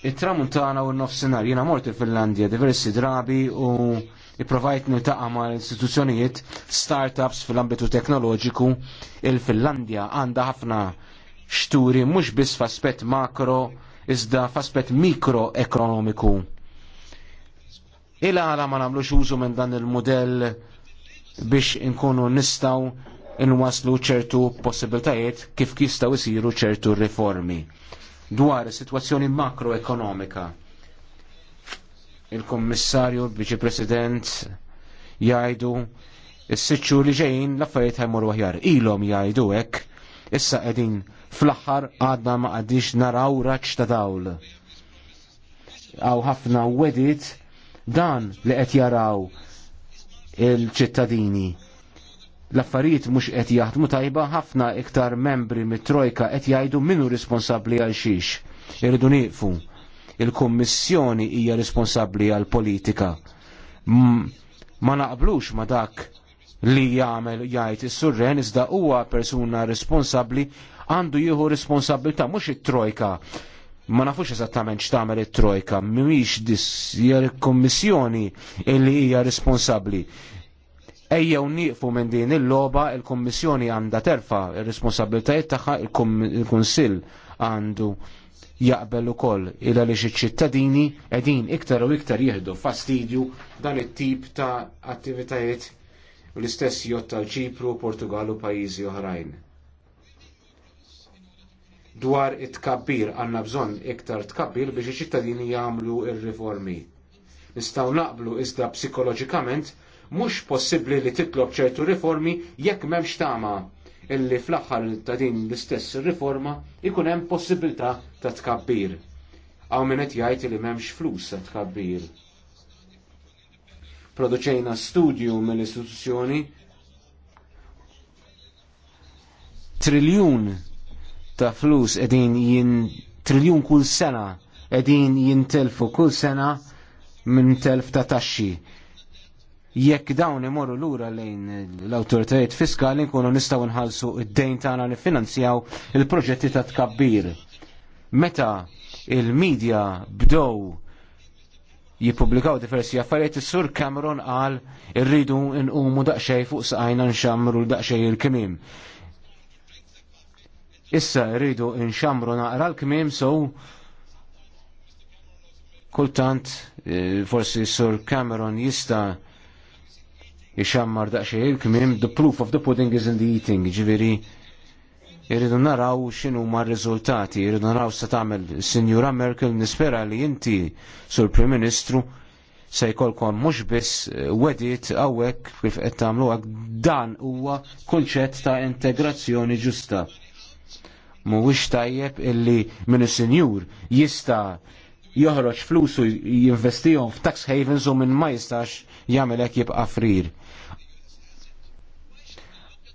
it-tramuntana u n-nofsinar. jina mort il-Finlandja diversi drabi u provajt niltaqa ma istituzzjonijiet, startups fil-ambitu teknoloġiku. Il-Finlandja għanda ħafna xturi mhux biss f'aspett makro, iżda f'aspett mikroekonomiku. Ila għala ma nagħmlux użu minn dan il-modell biex inkunu nistaw inwaslu ċertu possibiltajiet kif kistaw isiru ċertu riformi dwar is-sitwazzjoni makroekonomika. Il-Kommissarju, il-Viċi President jgħidu s sitxu li ġejn l-affarijiet ħajmorru aħjar. Ilhom jgħidu hekk, issa qegħdin fl-aħħar għadna ma qadix naraw raċ ta' dawl. Għaw ħafna wedit dan li qed jaraw il-ċittadini l-affarijiet mhux qed jaħdmu tajba ħafna iktar membri mit-trojka qed jgħidu hu responsabbli għal xiex. Irridu nieqfu. Il-Kummissjoni hija responsabbli għal politika. Ma naqblux ma dak li jagħmel jgħid is-surren iżda huwa persuna responsabbli għandu jieħu responsabilità mhux it-trojka. Ma nafux eżattament x'tagħmel it-trojka, mhumiex dis hija l-Kummissjoni illi hija responsabbli ejjew nieqfu minn din il-loba il-Kommissjoni għandha terfa ir responsabbiltajiet tagħha il-Kunsill għandu jaqbel ukoll ilha li iċ-ċittadini qegħdin iktar u iktar jieħdu fastidju dan it-tip ta' attivitajiet l-istess jott tal-Ċipru, Portugal u pajjiżi oħrajn. Dwar it-tkabbir għandna bżonn iktar tkabbir biex iċ-ċittadini jagħmlu r riformi Nistgħu naqblu iżda psikoloġikament mhux possibbli li titlob ċertu riformi jekk m'hemmx tama illi fl-aħħar ta' din l-istess riforma ikun hemm possibilità ta' tkabbir. Hawn min qed jgħid li m'hemmx flus ta' tkabbir. Produċejna studju mill-istituzzjoni triljun ta' flus edin jin triljun kull sena edin jintelfu kull sena minn telf ta' taxxi jekk dawn imorru lura lejn l-autoritajiet fiskali nkunu nistgħu nħallsu id-dejn tagħna nifinanzjaw il-proġetti ta' tkabbir. Meta il-medja bdow jippubblikaw diversi affarijiet is-sur Cameron qal irridu nqumu daqsxejn fuq saqajna l daqsxejn il-kmim. Issa rridu nxamru naqra l-kmim so kultant eh, forsi sur Cameron jista' ixammar daqxie il-kmim, the proof of the pudding is in the eating, ġiviri. Irridu naraw xinu ma rizultati, irridu naraw sa tagħmel Signora Merkel nispera li inti sur Prim Ministru se jkollkom mhux biss eh, wedit hawnhekk kif qed tagħmlu dan huwa kunċett ta' integrazzjoni ġusta. Mhuwiex tajjeb illi minn is-Sinjur jista' joħroġ flusu jinvestihom f'tax havens u minn ma jistax jagħmel hekk jibqa' frir.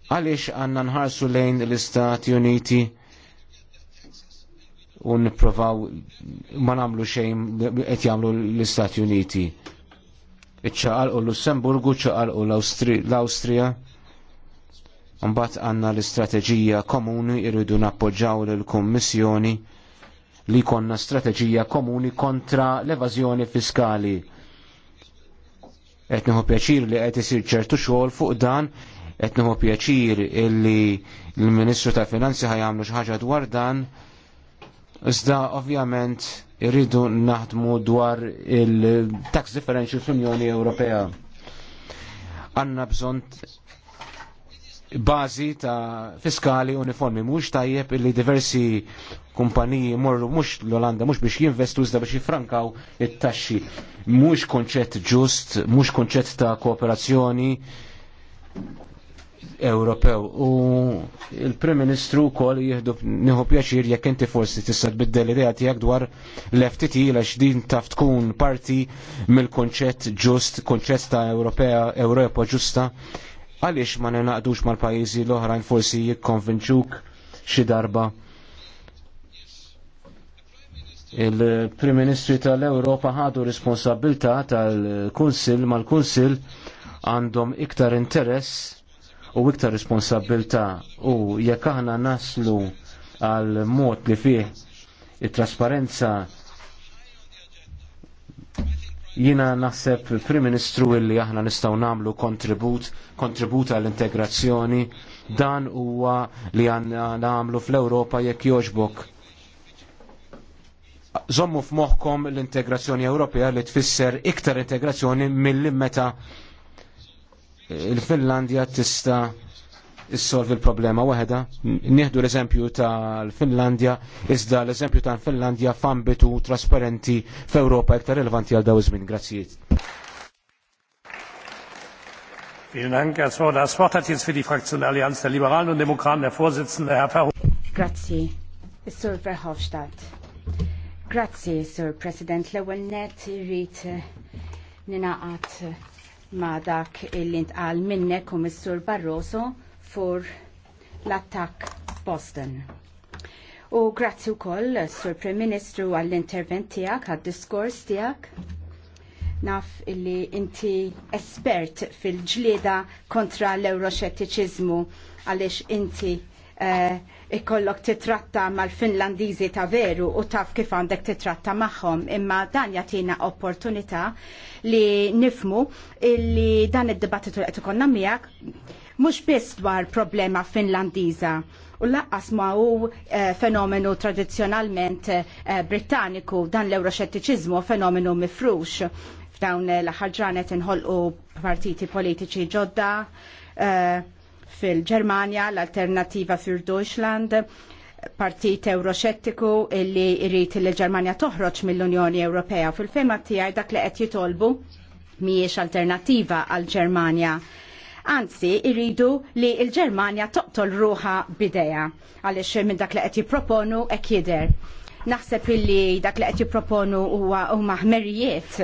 Għaliex għandna nħarsu lejn l-Istati Uniti u nipprovaw ma nagħmlu xejn qed jagħmlu l-Istati Uniti. Iċċaqal u Lussemburgu, ċaqal u l-Awstrija. Mbagħad għandna l-istrateġija komuni jridu nappoġġaw lill-Kummissjoni li konna strateġija komuni kontra l-evażjoni fiskali. Qed nieħu pjaċir li qed isir ċertu xogħol fuq dan qed nieħu pjaċir illi l-Ministru ta' finanzi ħajamlu xi ħaġa dwar dan. Iżda ovvjament irridu naħdmu dwar il-tax differential fl-Unjoni Ewropea. Għanna bżonn bazi ta' fiskali uniformi. Mux tajjeb illi diversi kumpaniji morru mux l-Olanda, mux biex jinvestu iżda biex jifrankaw it-taxxi. Mux konċett ġust, mux konċett ta' kooperazzjoni. Ewropew u il-Prim Ministru wkoll jieħdu nieħu pjaċir jekk inti forsi tista' tbiddel idea tiegħek dwar l-FTT għax din taf tkun parti mill-konċett ġust, konċett ta' Ewropea, Ewropa ġusta. Għaliex ma nenaqdux mal-pajjiżi l-oħrajn forsi jikkonvinċuk xi darba il-Prim Ministri tal-Europa ħadu responsabilta tal-Kunsil mal-Kunsil għandhom iktar interess u iktar responsabilta u jekk aħna naslu għal mod li fih it-trasparenza jina naħseb Prim Ministru illi aħna nistaw namlu kontribut, kontribut għall-integrazzjoni dan huwa li għanna namlu fl-Europa jekk joġbok. Zommu f'moħħkom l-integrazzjoni Ewropea li tfisser iktar integrazzjoni mill-meta il-Finlandja tista issolvi l problema waħda. Nieħdu l-eżempju tal-Finlandja, iżda l-eżempju tal-Finlandja f'ambitu trasparenti f'Ewropa iktar relevanti għal daw iż-żmien. Grazzijiet. Vielen Dank. Das Wort, das Wort hat jetzt für die Fraktion der Allianz der Liberalen und Demokraten der Vorsitzende, Herr Verhofstadt. Grazie, Sir Verhofstadt. Grazie, Sir President. Lewen ewel net irrit eh, ninaqat eh, ma' dak il-intqal minnek u Sur Barroso fur l-attak Boston. U grazzi wkoll Sur Prim Ministru għall-intervent tiegħek, għad-diskors tiegħek. Naf illi inti espert fil-ġlieda kontra l euroscetticizmu għaliex inti Eh, ikollok titratta mal-Finlandiżi ta' veru u taf kif għandek titratta magħhom imma dan jagħtina opportunità li nifmu li dan id-dibattitu qed ikollna miegħek mhux biss dwar problema Finlandiża u laqqas ma hu eh, fenomenu tradizzjonalment eh, Brittaniku dan l-euroxettiċiżmu fenomenu mifrux f'dawn l-aħħar ġranet inħolqu partiti politiċi ġodda fil-Germania, l-Alternativa fir Deutschland, partit euroxettiku illi irrit li l-Germania toħroġ mill-Unjoni Ewropea fil-fema tiegħi dak li qed jitolbu mhijiex alternativa għal Germania. Anzi, irridu li l-Germania toqtol ruħa bideja għaliex minn dak li qed jipproponu hekk jidher Naħseb illi dak li qed jipproponu huwa huma ħmerijiet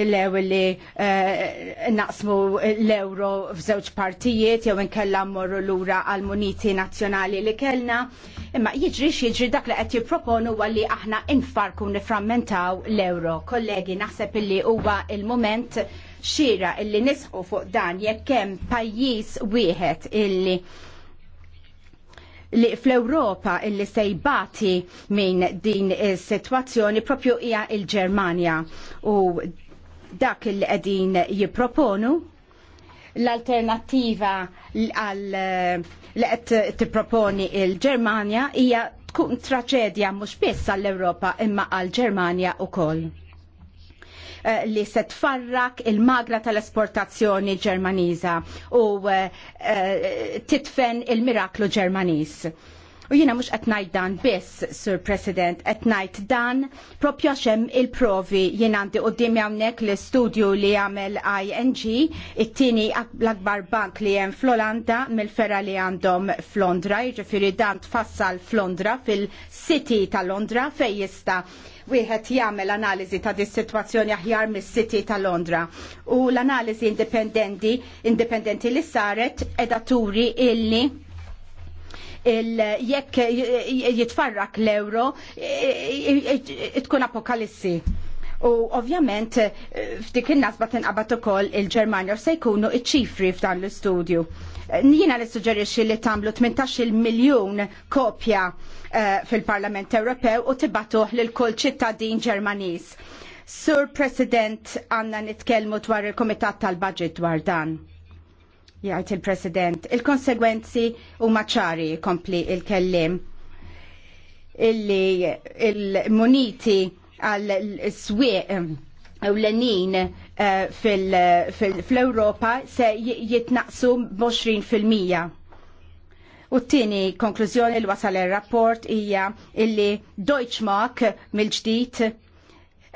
ew li eh, naqsmu l-euro f'żewġ partijiet jew inkella mmorru lura għal muniti nazzjonali li kellna. Imma jiġri x'jiġri dak li qed jipproponu huwa li aħna infarku niframmentaw l-euro. Kollegi, naħseb illi huwa il-moment xira illi nisħu fuq dan jekk hemm pajjiż wieħed illi li fl-Ewropa illi sejbati minn din is-sitwazzjoni propju hija il-Ġermanja u dak li qegħdin jipproponu l-alternativa għal li qed tipproponi il-Germania hija tkun traċedja mhux biss għall-Ewropa imma għall-Ġermanja wkoll. Eh, li se tfarrak il-magra tal-esportazzjoni ġermaniża u eh, eh, titfen il-miraklu ġermaniż. U jina mux etnajt dan biss, Sir President, etnajt dan propju xem il-provi jina għandi u dim jamnek l-studio li għamel ING, it-tini l-akbar bank li jem fl-Olanda mill-ferra li għandhom fl-Londra, ġifiri dan tfassal fl-Londra, fil-City tal-Londra, fej jista' wieħed jagħmel analiżi ta' dis sitwazzjoni aħjar mis-City ta' Londra. U l-analiżi indipendenti indipendenti li saret edaturi turi illi jekk jitfarrak l-euro tkun apokalissi. U ovvjament eh, ftik il-nasba tinqabat ukoll il-Ġermanja se jkunu iċ-ċifri f'dan l-istudju. Eh, jiena nissuġġerixxi li tagħmlu 18 miljun kopja eh, fil-Parlament Ewropew u tibatuh lil kull ċittadin Ġermaniż. Sur President għanna nitkellmu dwar il-Komitat tal-Budget dwar dan. Jgħid il-President, il-konsegwenzi u maċari kompli il-kellim illi il-muniti il kellim illi il muniti il muniti għal-swieq ewlenin eh, fil-Europa se jitnaqsu 20 U t-tini konklużjoni l wasal il-rapport hija illi Deutschmark mill-ġdid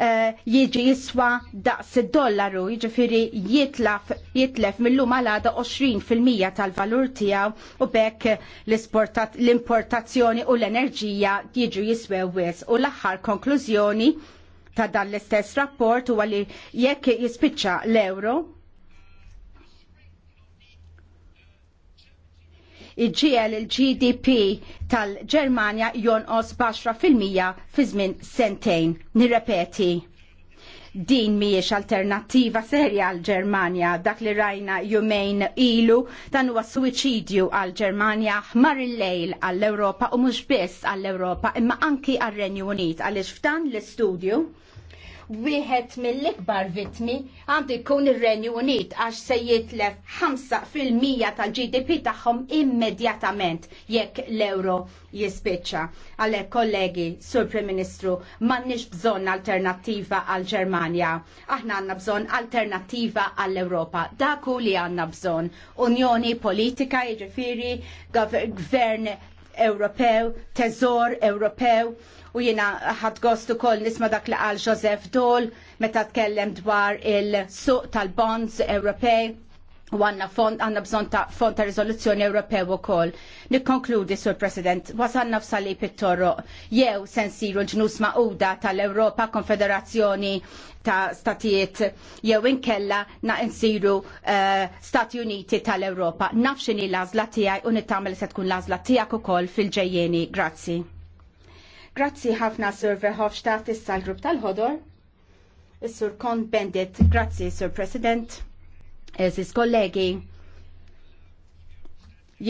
Eh, jiġi jiswa daqs id-dollaru, jiġifieri jitlaf jitlef mill-lum għal 20% tal-valur tiegħu u bekk l-importazzjoni u l-enerġija jiġu jiswew wis. U l-aħħar konklużjoni ta' dan l-istess rapport huwa li jekk jispiċċa l-euro il-GL il-GDP tal-Ġermanja jonqos fil-mija fi żmien sentejn. Nirrepeti, din miex alternattiva serja għal ġermanja dak li rajna jumejn ilu dan huwa suicidju għal ġermanja ħmar il-lejl għall-Ewropa u mhux biss għall-Ewropa imma anki għal-Renju Unit għaliex f'dan l-istudju wieħed mill-ikbar vittmi għandu jkun ir-Renju Unit għax se jitlef 5% tal-GDP tagħhom immedjatament jekk l-euro jispiċċa. Għalhekk kollegi, Sur Prim Ministru, m'għandniex bżonn alternattiva għal Ġermanja. Aħna għandna bżonn alternattiva għall europa Dak hu li għandna bżonn. Unjoni politika, jiġifieri, gvern Ewropew, teżor Ewropew, u jina ħad gostu kol nisma dak li għal Joseph Dol meta tkellem dwar il-suq tal-bonds Ewropej u għanna fond, għanna bżon ta' fond ta' rizoluzzjoni Ewropew ukoll. Nikkonkludi, Sur President, wasanna f'sali pittorro, jew sensiru l-ġnus ma'uda tal-Europa Konfederazzjoni ta' statijiet jew inkella na' insiru uh, Stati Uniti tal-Europa. Nafxini lażla tijaj u nittamel se tkun lażla tijak ukoll fil-ġejjeni. Grazzi. Grazzi ħafna Sur Verhofstadt issa l-grupp tal-ħodor. Is-Sur Kon Bendit, grazzi Sur President, eżis kollegi.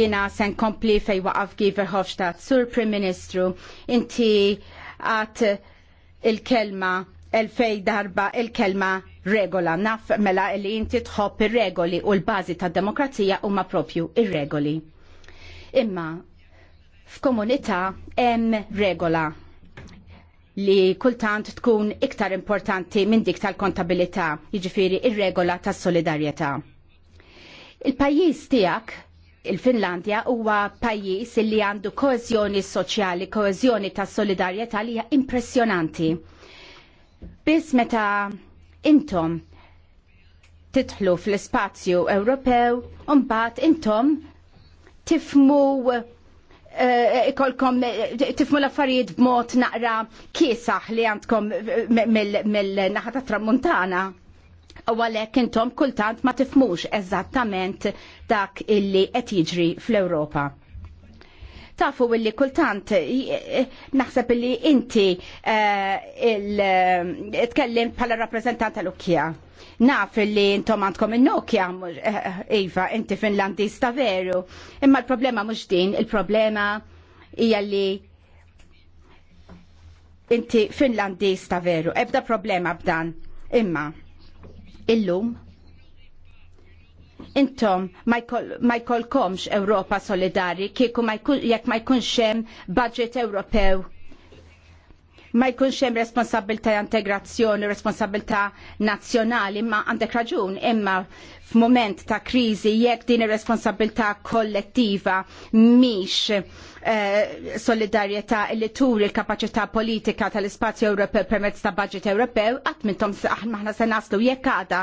Jiena sen kompli fej waqaf Guy Verhofstadt, Sur Prim Ministru, inti għat il-kelma elfej darba il-kelma regola. Naf mela li inti tħobb ir-regoli u l-bażi tad-demokrazija huma propju ir-regoli. Imma F'komunità hemm regola li kultant tkun iktar importanti minn dik tal-kontabilità, jiġifieri ir-regola tas-solidarjetà. Il-pajjiż tiegħek il-Finlandja huwa pajjiż li għandu koeżjoni soċjali, koeżjoni tas-solidarjetà li hija impressjonanti. Biss meta intom titħlu fl ispazju Ewropew, mbagħad intom tifmu Eh, ikolkom eh, tifmu l-affarijiet b'mod naqra kiesaħ li għandkom mill-naħa ta' tramuntana. U għalhekk intom kultant ma tifmux eżattament dak illi qed jiġri fl-Ewropa. Tafu illi kultant naħseb illi inti eh, eh, tkellim bħala rappresentant tal ukkija Naf illi intom għandkom il-Nokia, eh, Iva, inti finlandista ta' veru. Imma l-problema mux din, il-problema hija li inti finlandista ta' veru. Ebda problema b'dan. Imma, illum, intom ma jkollkomx Ewropa solidari kieku jekk ma jkunx hemm budget Ewropew ma jkunx hemm responsabilità integrazzjoni, responsabilità nazzjonali, ma għandek raġun, imma f'moment ta' kriżi jekk din ir-responsabilità kollettiva mhix eh, solidarjetà li turi l-kapaċità politika tal-ispazju Ewropew permezz ta' budget Ewropew, qatt minnhom aħna se naslu jekk għada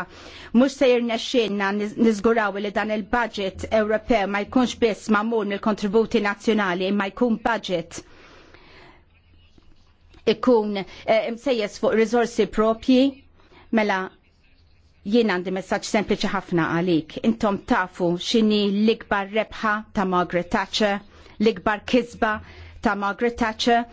mhux se jirnexxinna niżguraw li dan il-budget Ewropew ma jkunx biss magħmul mill-kontributi nazzjonali imma jkun budget ikun eh, msejjes fuq riżorsi propji mela Jien għandi messaġġ sempliċi ħafna għalik. Intom tafu x'inhi l-ikbar rebħa ta' Margaret Thatcher, l-ikbar kisba ta' Margaret Thatcher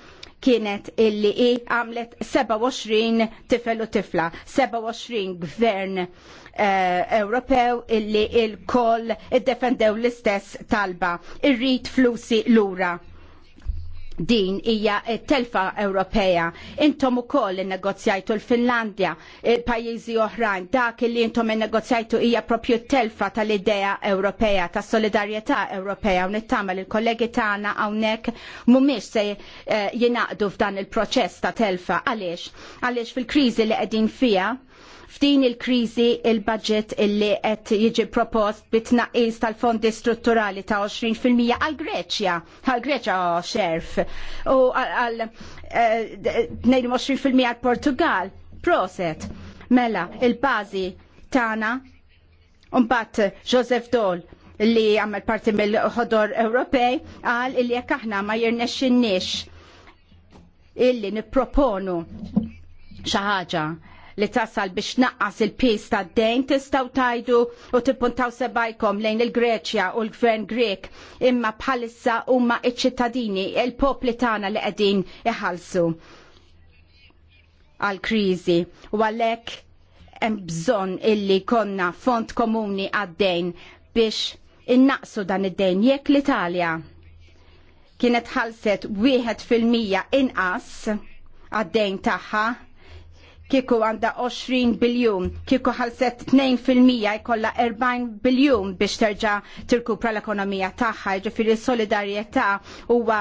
kienet illi i għamlet 27 tifel u tifla, 27 gvern eh, Ewropew illi il-koll id-defendew l-istess talba, irrit flusi l-ura din hija telfa Ewropea. Intom ukoll innegozjajtu l-Finlandja, eh, pajjiżi oħrajn, dak li intom innegozjajtu hija propju telfa tal-idea Ewropea, tas solidarjetà Ewropea, u nittamal l kollegi tagħna hawnhekk mhumiex se eh, jingħaqdu f'dan il-proċess ta' telfa. Għaliex? Għaliex fil-kriżi li qegħdin fiha F'din il-kriżi il-budget illi qed jiġi propost bit-tnaqqis tal-fondi strutturali ta' 20% għal Greċja, għal Greċja oh, xerf, u għal 22% eh, għal Portugal. Proset, mela, il-bazi tana, un-bat Joseph Dol li għamel parti mill-ħodor Ewropej għal illi jekk aħna ma jirnexxinniex illi nipproponu xi ħaġa li tasal biex naqqas il-pis ta' dejn tistaw tajdu u tippuntaw sebajkom lejn il-Greċja u l-Gvern Grek imma bħalissa huma iċ-ċittadini il-popli tagħna li qegħdin iħallsu għal-kriżi u għalhekk hemm bżonn illi konna font komuni għad-dejn biex innaqsu dan id-dejn jekk l-Italja kienet ħalset wieħed fil-mija inqas għad-dejn tagħha kieku għanda 20 biljun, kieku ħalset 2% jkolla 40 biljun biex terġa tirkupra l-ekonomija tagħha, ġifiri solidarjetà huwa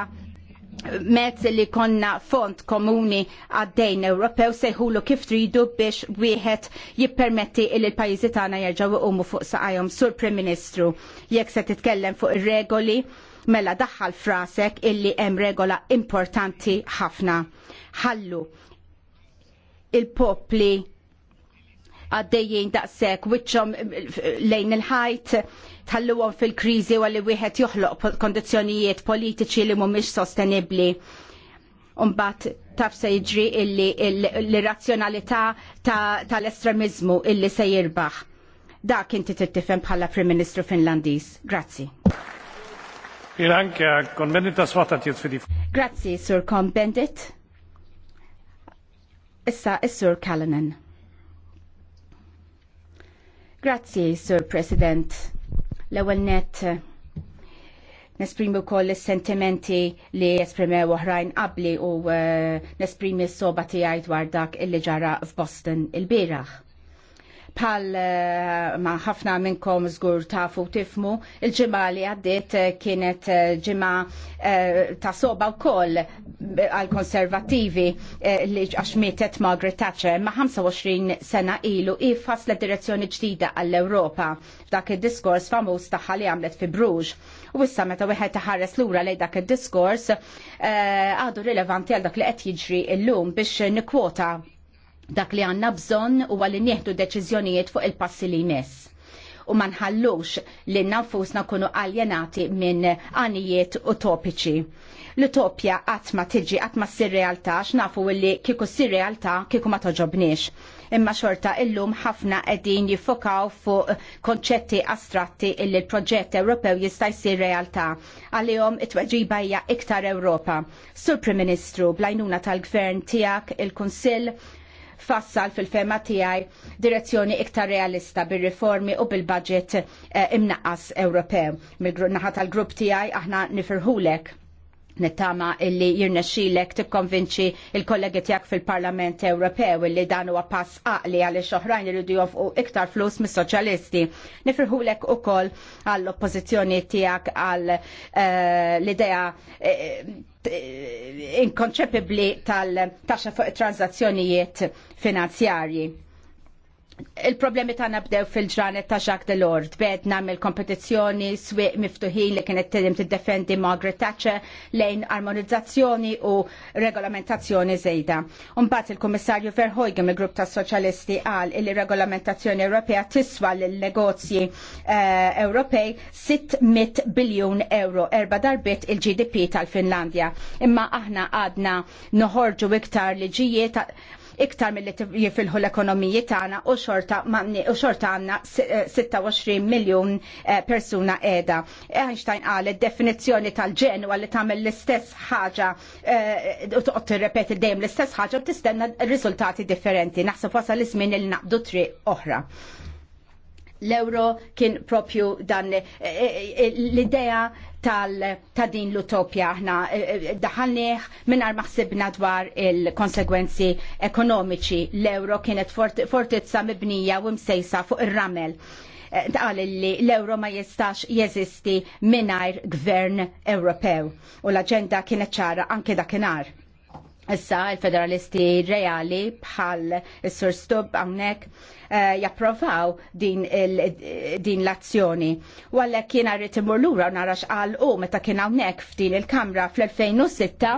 mezz li konna font komuni għaddejn Ewropew sejħulu kif tridu biex wieħed jippermetti il pajjiżi tagħna jerġgħu jqumu fuq saqajhom sur Prim Ministru jekk se titkellem fuq ir-regoli mela daħħal frasek illi hemm regola importanti ħafna. Ħallu il-popli għaddejjien daqsek wiċċhom lejn il-ħajt tħalluhom fil-kriżi u li wieħed joħloq kondizzjonijiet politiċi li mhumiex sostenibbli. Umbat taf se jiġri illi l-razzjonalità tal-estremizmu illi se jirbaħ. Dak inti tittifem bħala Prim Ministru Finlandis. Grazzi. Grazzi, Sur Combendit. Issa is-Sur Callanan. Grazzi, Sur President. L-ewwel net nesprimi wkoll is-sentimenti li esprimew oħrajn qabli u eh, nesprimi s-soba tiegħi dwar dak illi ġara f'Boston il-bieraħ Pal eh, ma ħafna minnkom zgur tafu tifmu, il-ġimgħa li għaddiet eh, kienet eh, ġimma ta' soba wkoll għal-konservativi li għax mietet Margaret Thatcher ma' 25 sena ilu i la direzzjoni ġdida għall-Ewropa f'dak id-diskors famuż tagħha li għamlet fi Bruġ. U issa meta wieħed taħares lura lejn dak id-diskors għadu rilevanti għal dak li qed jiġri llum biex nikwota. Dak li għanna bżon u għalli nieħdu deċiżjonijiet fuq il-passi li jmiss u ma nħallux li nanfusna kunu aljenati minn għanijiet utopiċi. L-utopja għatma tiġi għatma s-sirrealta x'nafu li kiku s-sirrealta kiku ma toġobniex. Imma xorta illum ħafna edin jifokaw fuq konċetti astratti illi l-proġett Ewropew jista' jsir realtà. Għalihom it-tweġiba hija iktar Ewropa. Sur Prim Ministru, blajnuna tal-Gvern tiegħek, il-Kunsill, fassal fil-fema tiegħi direzzjoni iktar realista bil-reformi u bil-budget eh, imnaqqas Ewropew. mil naħa tal-grupp tiegħi aħna nifirħulek nittama illi jirnexxilek tikkonvinċi il-kollegi tiegħek fil-Parlament Ewropew illi dan huwa pass aqli għaliex oħrajn iridu jonfqu iktar flus mis-soċjalisti. Nifirħulek ukoll għall-oppożizzjoni tiegħek għall eh, l-idea eh, inkonċepibli tal-taxxa fuq transazzjonijiet finanzjarji il-problemi tagħna bdew fil-ġranet ta' Jacques Delors, bedna mill-kompetizzjoni swiq miftuħin li kienet tidim tiddefendi Margaret Thatcher lejn armonizzazzjoni u regolamentazzjoni żejda. Mbagħad il-Kummissarju Verhoeven mill-Grupp tas Soċjalisti qal li regolamentazzjoni Ewropea tiswa l negozji eh, Ewropej 600 biljun euro, erba darbit il-GDP tal-Finlandja. Imma aħna għadna noħorġu iktar liġijiet iktar mill-li jifilħu l-ekonomiji tagħna u xorta u xorta għandna 26 eh, miljun eh, persuna qiegħda. Einstein qal id-definizzjoni tal-ġenwa li tagħmel l-istess ħaġa eh, u toqgħod tirrepeti dejjem l-istess ħaġa u tistenna riżultati differenti. Naħseb wasal l żmien il naqdu triq oħra l-euro kien propju dan eh, eh, eh, l-idea ta' din l-utopja aħna daħalnieh minnar maħsibna dwar il-konsegwenzi ekonomiċi. L-euro kienet fortizza mibnija u msejsa fuq ir-ramel tqal li l-euro ma jistax jeżisti mingħajr gvern Ewropew u l-aġenda kienet ċara anke dakinhar. Issa il-federalisti reali bħal is-Sur Stubb hawnhekk Eh, japprovaw din l-azzjoni. U għallek kien rrit imur lura u narax għal u meta kien hawnhekk f'din il-Kamra fl-2006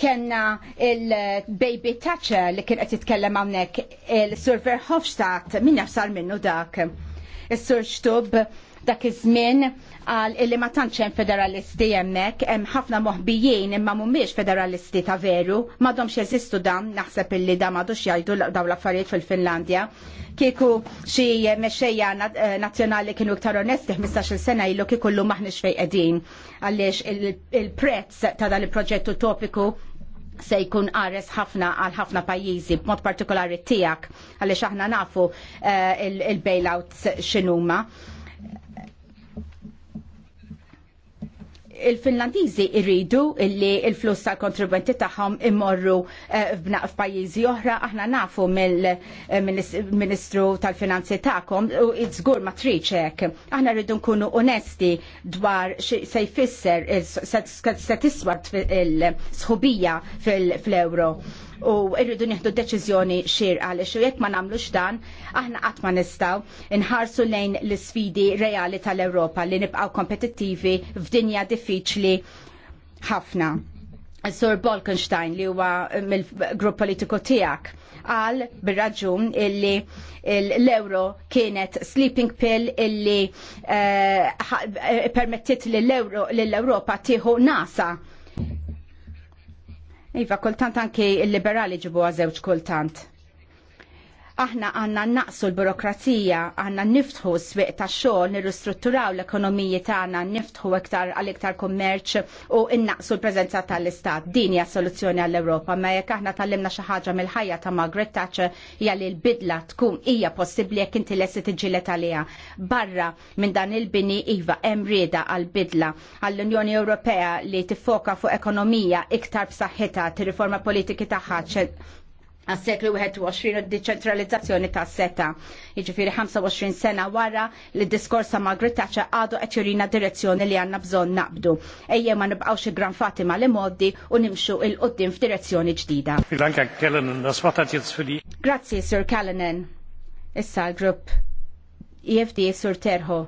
kenna il-Baby Toucher li kien qed jitkellem hawnhekk il-Sur Verhofstadt min jafsar minnu dak. il sur Stub dak iż-żmien għal illi ma tantx hemm federalisti hemmhekk, hemm ħafna moħbijin imma mhumiex federalisti ta' veru, m'għadhomx jeżistu dan, naħseb illi da m'għadux jgħidu dawn l-affarijiet fil-Finlandja. Kieku xi mexxejja eh, nazzjonali kienu iktar onesti 15-il sena ilu kieku llum maħniex fejn qegħdin għaliex il-prezz ta' dan il-proġett utopiku se jkun qares ħafna għal ħafna pajjiżi b'mod partikolari tiegħek għaliex aħna nafu eh, il-bailouts x'inhuma. il-Finlandiżi irridu illi il-flus tal-kontribwenti tagħhom eh, f'naqf f'pajjiżi oħra, aħna nafu mill-Ministru eh, tal-Finanzi tagħkom u żgur ma triċ hekk. Aħna rridu nkunu onesti dwar se jfisser eh, se tiswar il-sħubija fl ewro u rridu nieħdu deċiżjoni xir għaliex u jekk ma nagħmlux dan aħna qatt ma nistgħu nħarsu lejn l-isfidi reali tal-Ewropa li nibqgħu kompetittivi f'dinja diffiċli ħafna. Sur Bolkenstein li huwa mill-grupp politiku tiegħek qal bir-raġun illi l-euro kienet sleeping pill illi uh, permettit l l-Europa tieħu nasa Iva, kultant anki il-liberali ġibu għazewċ kultant. Aħna għanna naqsu l-burokrazija, għanna niftħu s sweq ta' xogħol, nirristrutturaw l-ekonomiji tagħna, niftħu iktar għal iktar kummerċ u innaqsu l-preżenza tal-Istat. Din hija soluzzjoni għall-Ewropa, ma jekk aħna tallimna xi ħaġa mill-ħajja ta' Margaret Thatcher hija li l-bidla tkun hija possibbli jekk inti lesti tiġġieled għaliha. Barra minn dan il-bini iva hemm rieda għall-bidla għall-Unjoni Ewropea li tiffoka fuq ekonomija iktar b'saħħitha tirriforma politiki tagħha għas-seklu 21 u d-deċentralizzazzjoni ta' seta. Iġifiri 25 sena wara li diskors ta' Margaret Thatcher għadu qed jurina direzzjoni li għandna bżonn naqbdu. Ejja ma nibqgħux gran Fatima li moddi u nimxu il qoddim f'direzzjoni ġdida. Grazzi, Sir Callanan. Issa l-grupp IFD, e Sur Terho.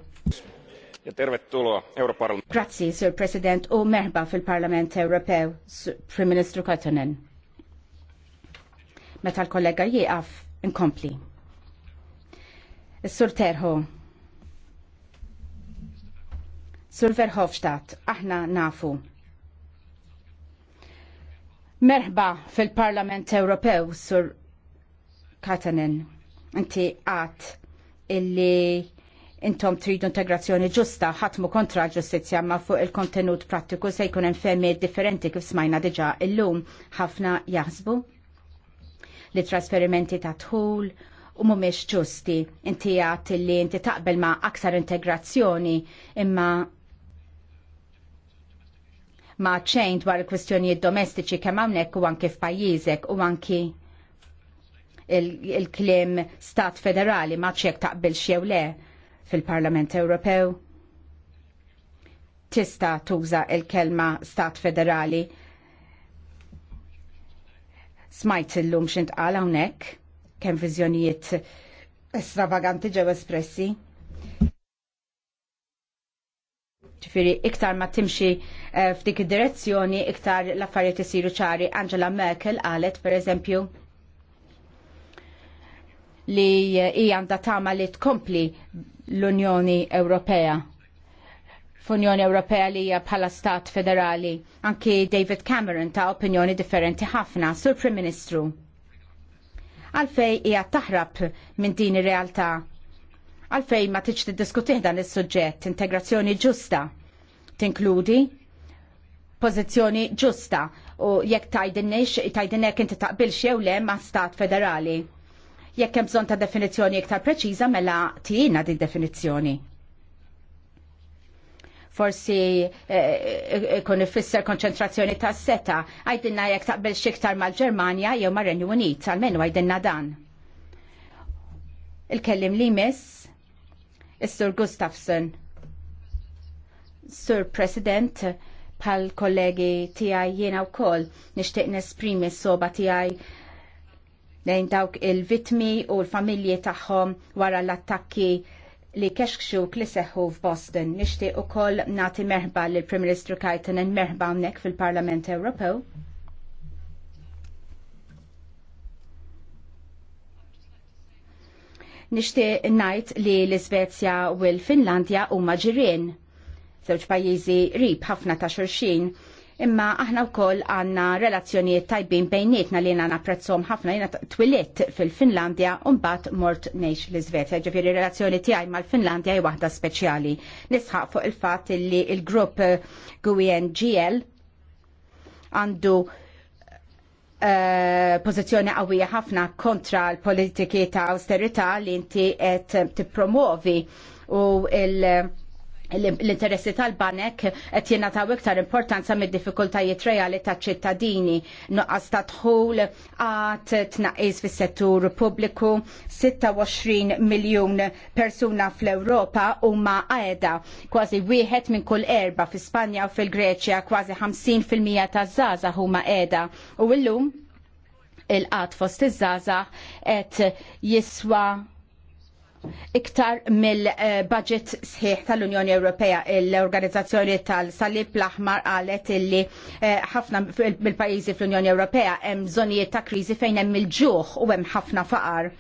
Ja tervetuloa Grazzi, Sir President, u merħba fil-Parlament Ewropew, Prim Ministru Kotonen Meta l-kollega jieqaf, inkompli. Is-Sur Terho. Sur Verhofstadt, aħna nafu. Merħba fil-Parlament Ewropew, Sur Katanen. Inti għat illi intom tridu integrazzjoni ġusta ħatmu kontra ġustizzja ma fuq il-kontenut prattiku se jkun hemm differenti kif smajna diġà illum ħafna jaħsbu li trasferimenti ta' tħul u mumiex ġusti. Inti għat li inti taqbel ma' aktar integrazzjoni imma ma' ċejn dwar il-kwistjonijiet domestiċi kemm hawnhekk u anke f'pajjiżek u anki il-klim stat federali ma' ċek taqbel xew le fil-Parlament Ewropew. Tista' tuża il-kelma stat federali smajt illum għala hawnhekk kemm viżjonijiet estravaganti ġew espressi. Ġifiri, iktar ma timxi eh, f'dik id-direzzjoni iktar l-affarijiet isiru ċari Angela Merkel qalet pereżempju li hija għandha tama li tkompli l-Unjoni Ewropea f'Unjoni Ewropea li hija bħala stat federali. Anki David Cameron ta' opinjoni differenti ħafna sur Prim Ministru. Għalfej hija taħrab minn din ir-realtà. Għalfej ma tiġ tiddiskutih dan is-suġġett integrazzjoni ġusta. Tinkludi pożizzjoni ġusta u jekk tajdinnex tajdinek inti taqbilx jew le ma' stat federali. Jekk hemm bżonn ta' definizzjoni iktar preċiża mela tina din definizzjoni forsi eh, eh, ikun ifisser konċentrazzjoni ta' seta, għajdinna jek taqbel xiktar mal-Ġermanja jew mar-Renju Unit, għalmenu għajdinna dan. Il-kellim li miss, Is-Sur Gustafsson, Sur President, pal kollegi tijaj jiena u kol, nishtiq nesprimi s-soba tijaj lejn dawk il-vitmi u l-familji tagħhom wara l-attakki li kexkxuk li seħħu f'Boston. Nixtieq ukoll nagħti merħba lill prim Ministru Kajtanen merħba hawnhekk fil-Parlament Ewropew. Nixtieq ngħid li l-Iżvezja u l-Finlandja huma ġirien. Żewġ pajjiżi rib ħafna ta' xulxin imma aħna wkoll għandna relazzjonijiet tajbin bejnietna li għanna prezzom ħafna jena twilit fil-Finlandja u mbagħad mort ngħix l iżvezja ġifieri relazzjoni tiegħi mal-Finlandja hi waħda speċjali. Nisħaq fuq il fatt li l grupp Gwien GL għandu uh, eh, pozizjoni qawwija ħafna kontra l-politiki ta' austerita li inti qed tippromovi u il- l-interessi tal-banek qed jingħataw iktar importanza mid-diffikultajiet reali taċ-ċittadini, nuqqas ta' dħul, għad tnaqqis fis-settur pubbliku, 26 miljun persuna fl-Ewropa huma qiegħda kważi wieħed minn kull erba fi Spanja u fil-Greċja kważi 50% fil-mija taż-żgħażagħ huma qiegħda. U llum il-qat fost iż-żgħażagħ qed jiswa iktar mill-budget sħiħ tal-Unjoni Ewropea l-organizzazzjoni tal-Salib l-Aħmar qalet illi eh, ħafna mill-pajjiżi fl-Unjoni Ewropea hemm żonijiet ta' kriżi fejn hemm il-ġuħ u hemm ħafna faqar.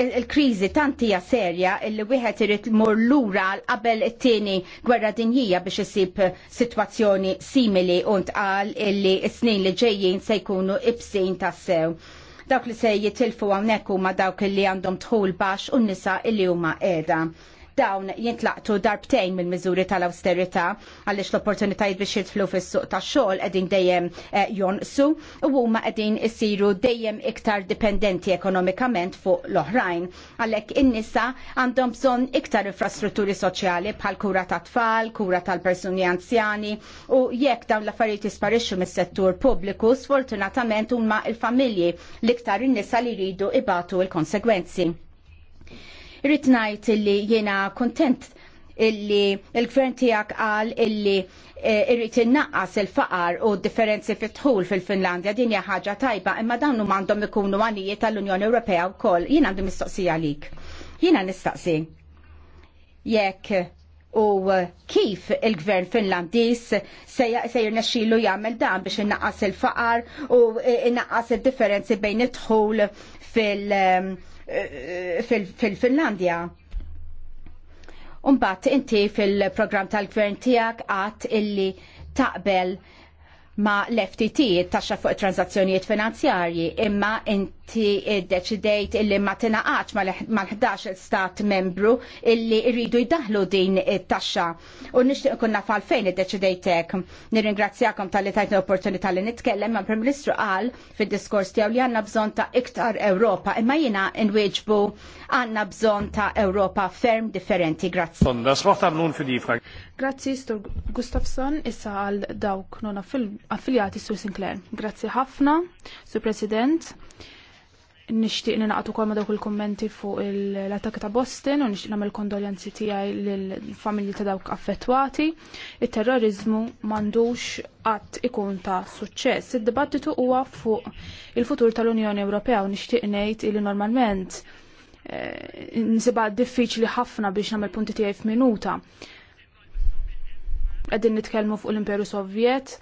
Il-kriżi tant hija serja illi wieħed irid mur lura qabel it-tieni gwerra dinjija biex isib sitwazzjoni simili u ntqal illi s-snin li ġejjin se jkunu ibsin tassew. sew Dawk li se jitilfu hawnhekk huma dawk li għandhom dħul baxx u nisa illi huma qiegħda dawn jintlaqtu darbtejn mill-miżuri tal-austerita għaliex l-opportunitajiet biex jitflu fis-suq tax-xogħol qegħdin dejjem eh, jonqsu u huma qegħdin isiru dejjem iktar dipendenti ekonomikament fuq l-oħrajn. Għalhekk in-nisa għandhom bżonn iktar infrastrutturi soċjali bħal kura ta' tfal, kura tal-persuni anzjani u jekk dawn l-affarijiet jisparixxu mis-settur pubbliku sfortunatament huma l-familji l-iktar in-nisa li jridu ibatu l-konsegwenzi. Irrid ngħid illi jiena kontent illi il-gvern tiegħek għal illi e, irrit innaqqas il-faqar u differenzi fit-tħul fil-Finlandja din hija ħaġa tajba imma dawn huma għandhom ikunu għanijiet tal-Unjoni Ewropea wkoll. Jien għandi mistoqsija għalik. Jiena nistaqsi. Jekk u kif il-gvern finlandis se jirnexxilu jagħmel dan biex innaqqas il-faqar u e, innaqqas il-differenzi bejn it-tħul fil- Eh, fil-Finlandja. Umbat inti fil-program tal-gvern tijak għat illi taqbel ma l-FTT, taxxa fuq transazzjonijiet finanzjarji, imma inti inti id-deċidejt eh, illi ma tinaqax mal-11 stat membru illi rridu jdaħlu din it-taxxa. U nixtieq nkun naf għalfejn id-deċidejtek. Nirringrazzjakom tal-li l opportunità li nitkellem ma' Prim Ministru qal fid-diskors tiegħu li għandna bżonn ta' iktar Ewropa, imma jiena nwieġbu għandna bżonn ta' Ewropa ferm differenti. Grazzi. Grazzi, Stur Gustafsson, issa għal dawk non affiljati Sur Sinclair. Grazzi ħafna, Sur President nishtiq ninaqtu kol ma dawk il-kommenti fuq l-attak ta' Boston u nishtiq namel kondoljanzi tijaj l-familji ta' dawk affettwati. Il-terrorizmu mandux għat ikun ta' suċċess. Il-dibattitu huwa fuq il-futur tal-Unjoni Ewropea u nishtiq nejt li normalment eh, nsiba diffiċli ħafna biex namel punti tijaj f'minuta. Għedin nitkelmu fuq l-Imperu Sovjet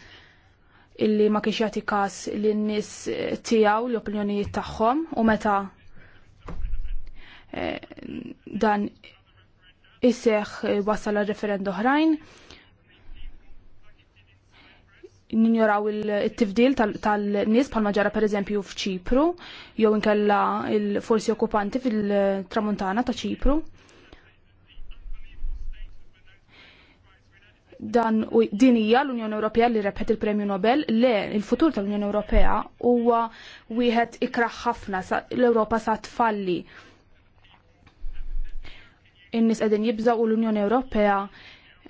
illi ma kienx jagħti każ li n nies tiegħu l-opinjonijiet tagħhom u meta eh, dan isseħ wasal għal referend oħrajn ninjoraw il-tifdil tal-nis bħalma maġara per eżempju f'ċipru, jew inkella il-forsi okkupanti fil-tramuntana ta' ċipru. dan u hija l-Unjoni Ewropea li rebħet il-Premju Nobel, le il-futur tal-Unjoni Ewropea huwa wieħed ikraħ ħafna l-Ewropa sa tfalli. In-nies qegħdin jibżgħu l-Unjoni Ewropea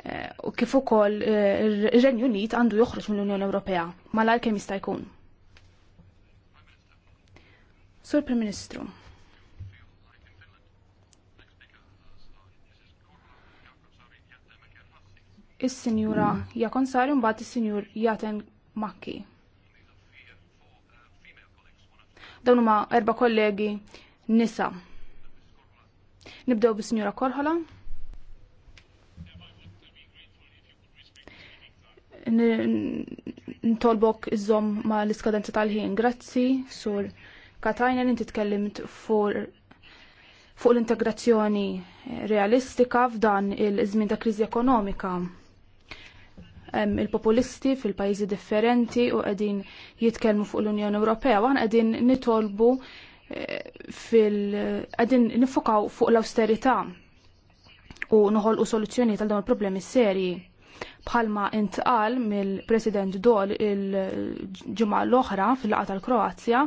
eh, u kif ukoll eh, ir-Renju Unit għandu joħroġ mill-Unjoni Ewropea malajr kemm jista' jkun. Sur Prim Ministru. is-Sinjura mm. Jakonsari mbagħad is-Sinjur Jaten Makki. Dawn huma erba' kollegi nisa. Nibdew bis-Sinjura Korħola. Ntolbok iżom ma l-iskadenza tal-ħin. Grazzi, sur Katajnen, inti tkellimt fuq fuq l-integrazzjoni realistika f'dan il-żmien ta' kriżi ekonomika il-populisti fil-pajjiżi differenti u qegħdin jitkellmu fuq l-Unjoni Ewropea, għan qegħdin nitolbu eh, fil qegħdin nifokaw fuq l-austerità u noħolqu soluzzjoni tal dawn il-problemi serji. Bħalma intqal mill-President Dol il-ġimgħa l-oħra fil-laqgħa tal-Kroazja,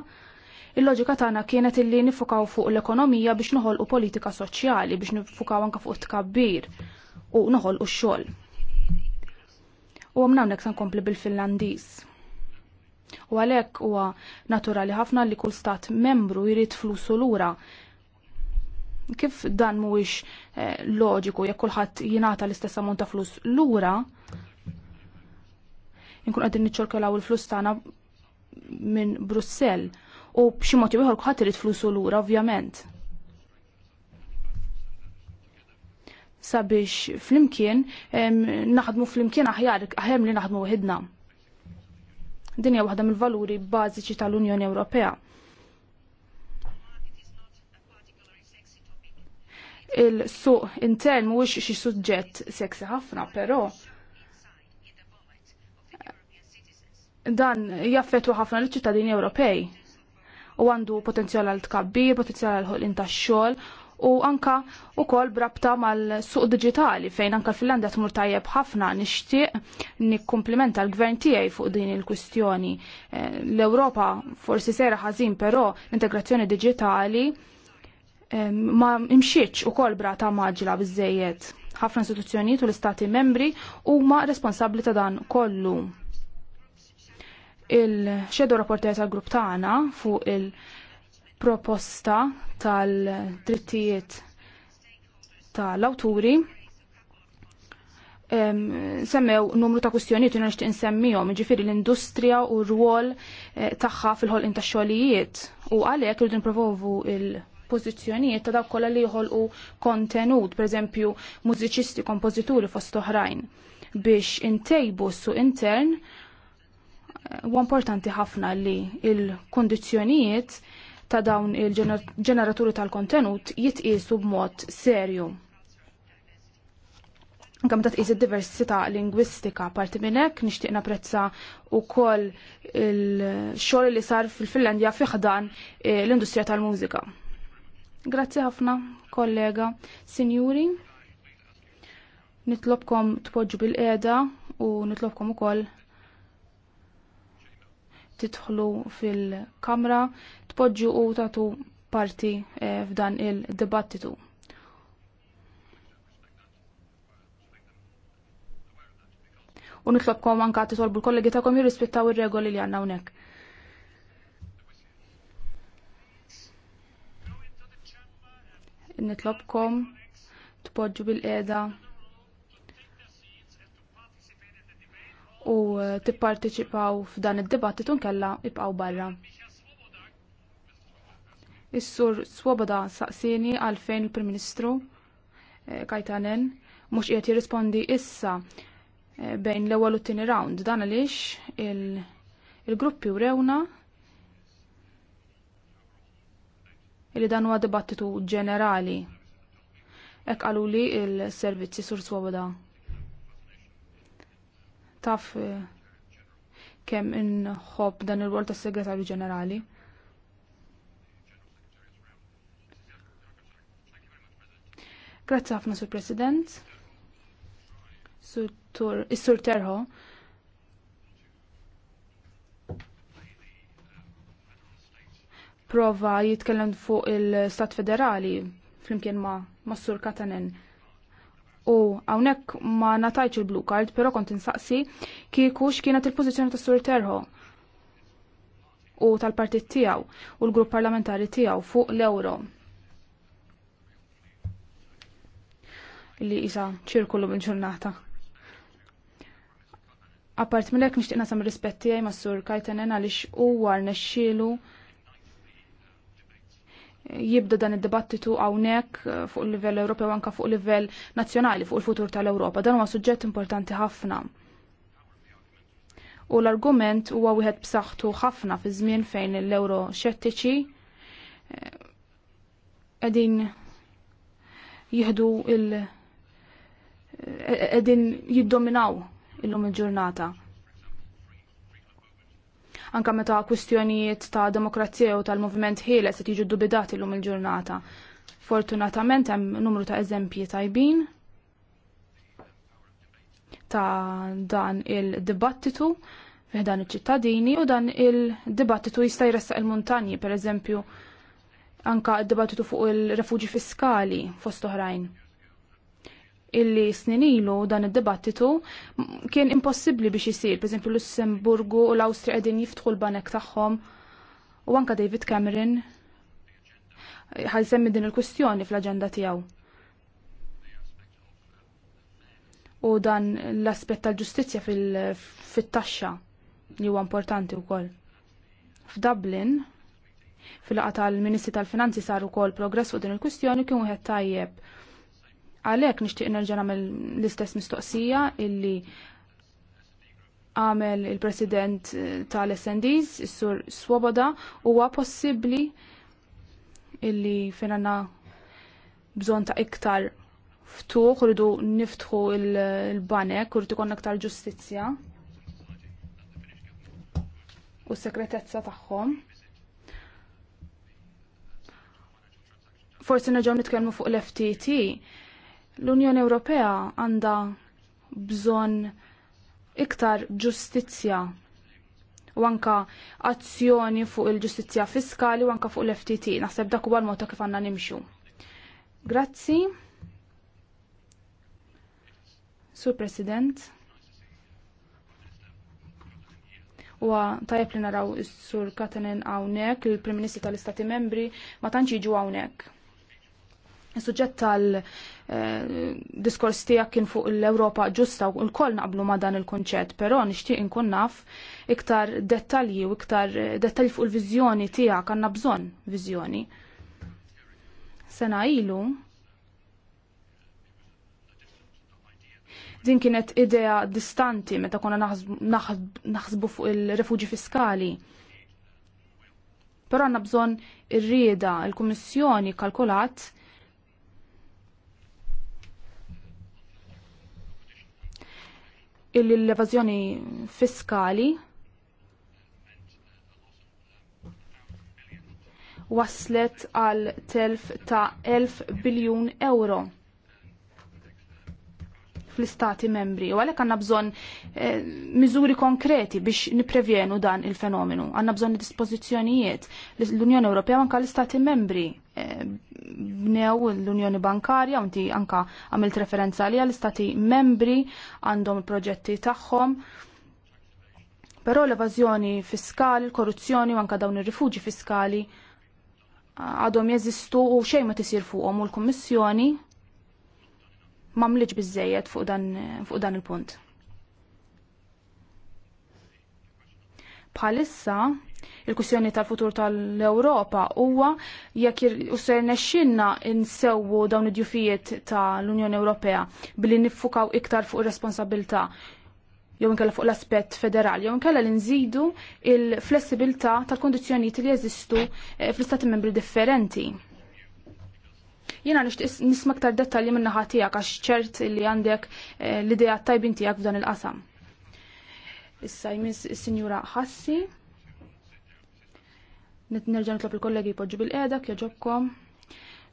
il-loġika tagħna kienet illi nifokaw fuq l-ekonomija biex noħolqu politika soċjali biex nifukaw anke fuq tkabbir u noħolqu x-xogħol u għamna għamnek san kompli bil-Finlandis. U għalek huwa naturali ħafna li kull stat membru jrid flusu lura. Kif dan mhuwiex eh, loġiku jekk kulħadd jingħata l-istess ammont ta' flus lura, inkun qegħdin niċċorkolaw il-flus tagħna minn Brussell u b'xi mod ieħor kulħadd irid flusu lura ovvjament. sabiex flimkien naħdmu flimkien aħjar aħjar li naħdmu wahidna. Dinja waħda mill-valuri bażiċi tal-Unjoni Ewropea. Il-suq intern mhuwiex xi suġġett seksi ħafna, però dan jaffetwa ħafna l-ċittadini Ewropej u għandu potenzjal għal tkabbir, potenzjal għal ħolqin tax-xogħol u anka u kol brabta mal-suq digitali fejn anka t tmur tajjeb ħafna nixtieq nikkumplimenta l-gvern tiegħi fuq din il-kwistjoni. Eh, L-Ewropa forsi sejra ħażin però l-integrazzjoni digitali eh, ma imxieċ u kol brata maġla bizzejiet. ħafna istituzzjonijiet u l-istati membri huma responsabbli ta' dan kollu il-xedu rapporter tal-grupp tagħna fuq il- proposta tal-drittijiet tal-awturi semmew numru ta' kustjonijiet jina nishtiq nsemmijom, ġifiri l-industrija u r-rwol eh, tagħha fil-ħolqien ta' xogħlijiet u għalhekk irridu nipprovovu il pożizzjonijiet ta' dawk kollha li u kontenut, pereżempju mużiċisti, kompożituri fost oħrajn biex intejbu su intern eh, u importanti ħafna li il-kondizzjonijiet ta' dawn il-ġeneraturi tal-kontenut jitqisu b'mod serju. Anke ta' tqis id-diversità lingwistika parti minn hekk nixtieq napprezza wkoll il-xogħol li sar fil-Finlandja fiħdan eh, l-industrija tal-mużika. Grazzi ħafna, kollega, sinjuri. Nitlobkom tpoġġu bil eda u nitlobkom ukoll titħlu fil-kamra, tpoġġu u tatu parti eh, f'dan il-dibattitu. U nitlobkom anka titolbu l-kollegi tagħkom jirrispettaw ir-regoli li għandna hawnhekk. Nitlobkom tpoġġu bil-qeda u eh, tipparteċipaw f'dan id-dibattitu nkella ibqgħu barra. Is-sur Swoboda saqsini għalfejn il-Prim Ministru eh, Kajtanen mhux qiegħed jirrispondi issa eh, bejn l-ewwel u t-tieni round dan għaliex il-gruppi wrewna li dan huwa dibattitu ġenerali. Ek għaluli il-servizzi sur swoboda taf eh, kemm inħobb dan il-wol tas segretarju ġenerali. Grazzi ħafna sur President. Is-Sur eh, Terho. Prova jitkellem fuq il-Stat Federali flimkien ma' Massur Katanen. U hawnhekk ma natajċ il-blue card, però kont insaqsi kieku x'kienet il-pożizzjoni tas Sur Terho u tal-partit tiegħu u l-grupp parlamentari tiegħu fuq l-euro. Li isa ċirkullu minn ġurnata. Apart minn hekk nixtieq nasam rispetti għaj mas-sur Kajtenen għaliex huwa rnexxielu jibda dan id-dibattitu hawnhekk eh, fuq il-livell Ewropew anke fuq livell nazzjonali fuq il-futur tal-Ewropa. Dan huwa suġġett importanti ħafna. U l-argument huwa wieħed b'saħħtu ħafna fi żmien fejn l-euro xettiċi eh, qegħdin jieħdu il eh, qegħdin jiddominaw illum il-ġurnata. il ġurnata anka meta kwistjonijiet ta' demokrazija u tal-moviment ħieles qed jiġu dubidati llum il-ġurnata. Fortunatament hemm numru ta' eżempji tajbin ta' dan il-dibattitu fih dan iċ-ċittadini u dan il-dibattitu jista' jressaq il-muntanji, per eżempju, anka d-dibattitu fuq il-refuġi fiskali fost oħrajn illi snin ilu dan id-dibattitu kien impossibbli biex isir, esempio Lussemburgu u l-Awstri qegħdin jiftħu l-banek tagħhom u anka David Cameron semmi din il-kwistjoni fl-aġenda tiegħu. U dan l-aspett tal-ġustizzja fit-taxxa li huwa importanti wkoll. F'Dublin, fil-laqa tal-Ministri tal-Finanzi sar ukoll progress fuq din il-kwistjoni kien wieħed tajjeb Għalek nishtiq nerġa' nagħmel l-istess mistoqsija illi għamel il-President eh, tal-SNDs, is-Sur Swoboda, huwa possibbli illi fejn għandna bżonn ta' iktar ftuħ, rridu niftħu il-banek, rridu konna iktar ġustizzja u s-sekretezza tagħhom. Forsi nerġgħu nitkellmu fuq l-FTT, L-Unjoni Ewropea għandha bżonn iktar ġustizzja u anka azzjoni fuq il-ġustizzja fiskali u anka fuq l-FTT. Naħseb dak huwa l-mod kif għandna nimxu. Grazzi. Sur President. u tajab li naraw is-sur Katanen hawnhekk, il-Prim Ministri tal-Istati Membri ma tantx jiġu hawnhekk. Suġġett tal-diskors eh, tiegħek kien fuq l-Ewropa ġusta u l-koll naqblu ma dan il konċet però nixtieq inkun naf iktar dettalji u iktar eh, dettalji fuq il-viżjoni tiegħek għandna bżonn viżjoni. Sena ilu din kienet idea distanti meta konna naħsbu fuq il refugi fiskali. Però għanna bżon ir-rieda, il-Kummissjoni kalkulat illi l-evażjoni fiskali waslet għal telf ta' 1000 biljun euro fl-istati membri u għalhekk għandna bżonn eh, miżuri konkreti biex niprevjenu dan il-fenomenu. Għandna bżonn dispożizzjonijiet l-Unjoni Ewropea anke l-istati membri eh, bnew l-Unjoni Bankarja unti anka għamilt referenza għalija l-istati membri għandhom il-proġetti tagħhom. Però l-evażjoni fiskali, l-korruzzjoni u anka dawn ir-rifuġi fiskali eh, għadhom jeżistu u xejn ma tisir fuqhom u l-Kummissjoni mamliġ bizzejiet fuq dan, fuq dan il-punt. Bħalissa, il-kussjoni tal-futur tal-Europa huwa jekk usser nexxinna insewwu dawn id-djufijiet tal-Unjoni Ewropea billi niffukaw iktar fuq ir-responsabilità jew inkella fuq l-aspett federali, jew inkella li nżidu il-flessibilità tal-kondizzjonijiet li jeżistu eh, fl-istati membri differenti Jena nishtiq nisma' ktar dettalji minna naħa tiegħek għax ċert li għandek eh, l-idea tajbin tiegħek f'dan il-qasam. Issa jmiss is-Sinjura Ħassi. Nerġa' nitlob il-kollegi jpoġġu bil-qiegħda joġobkom.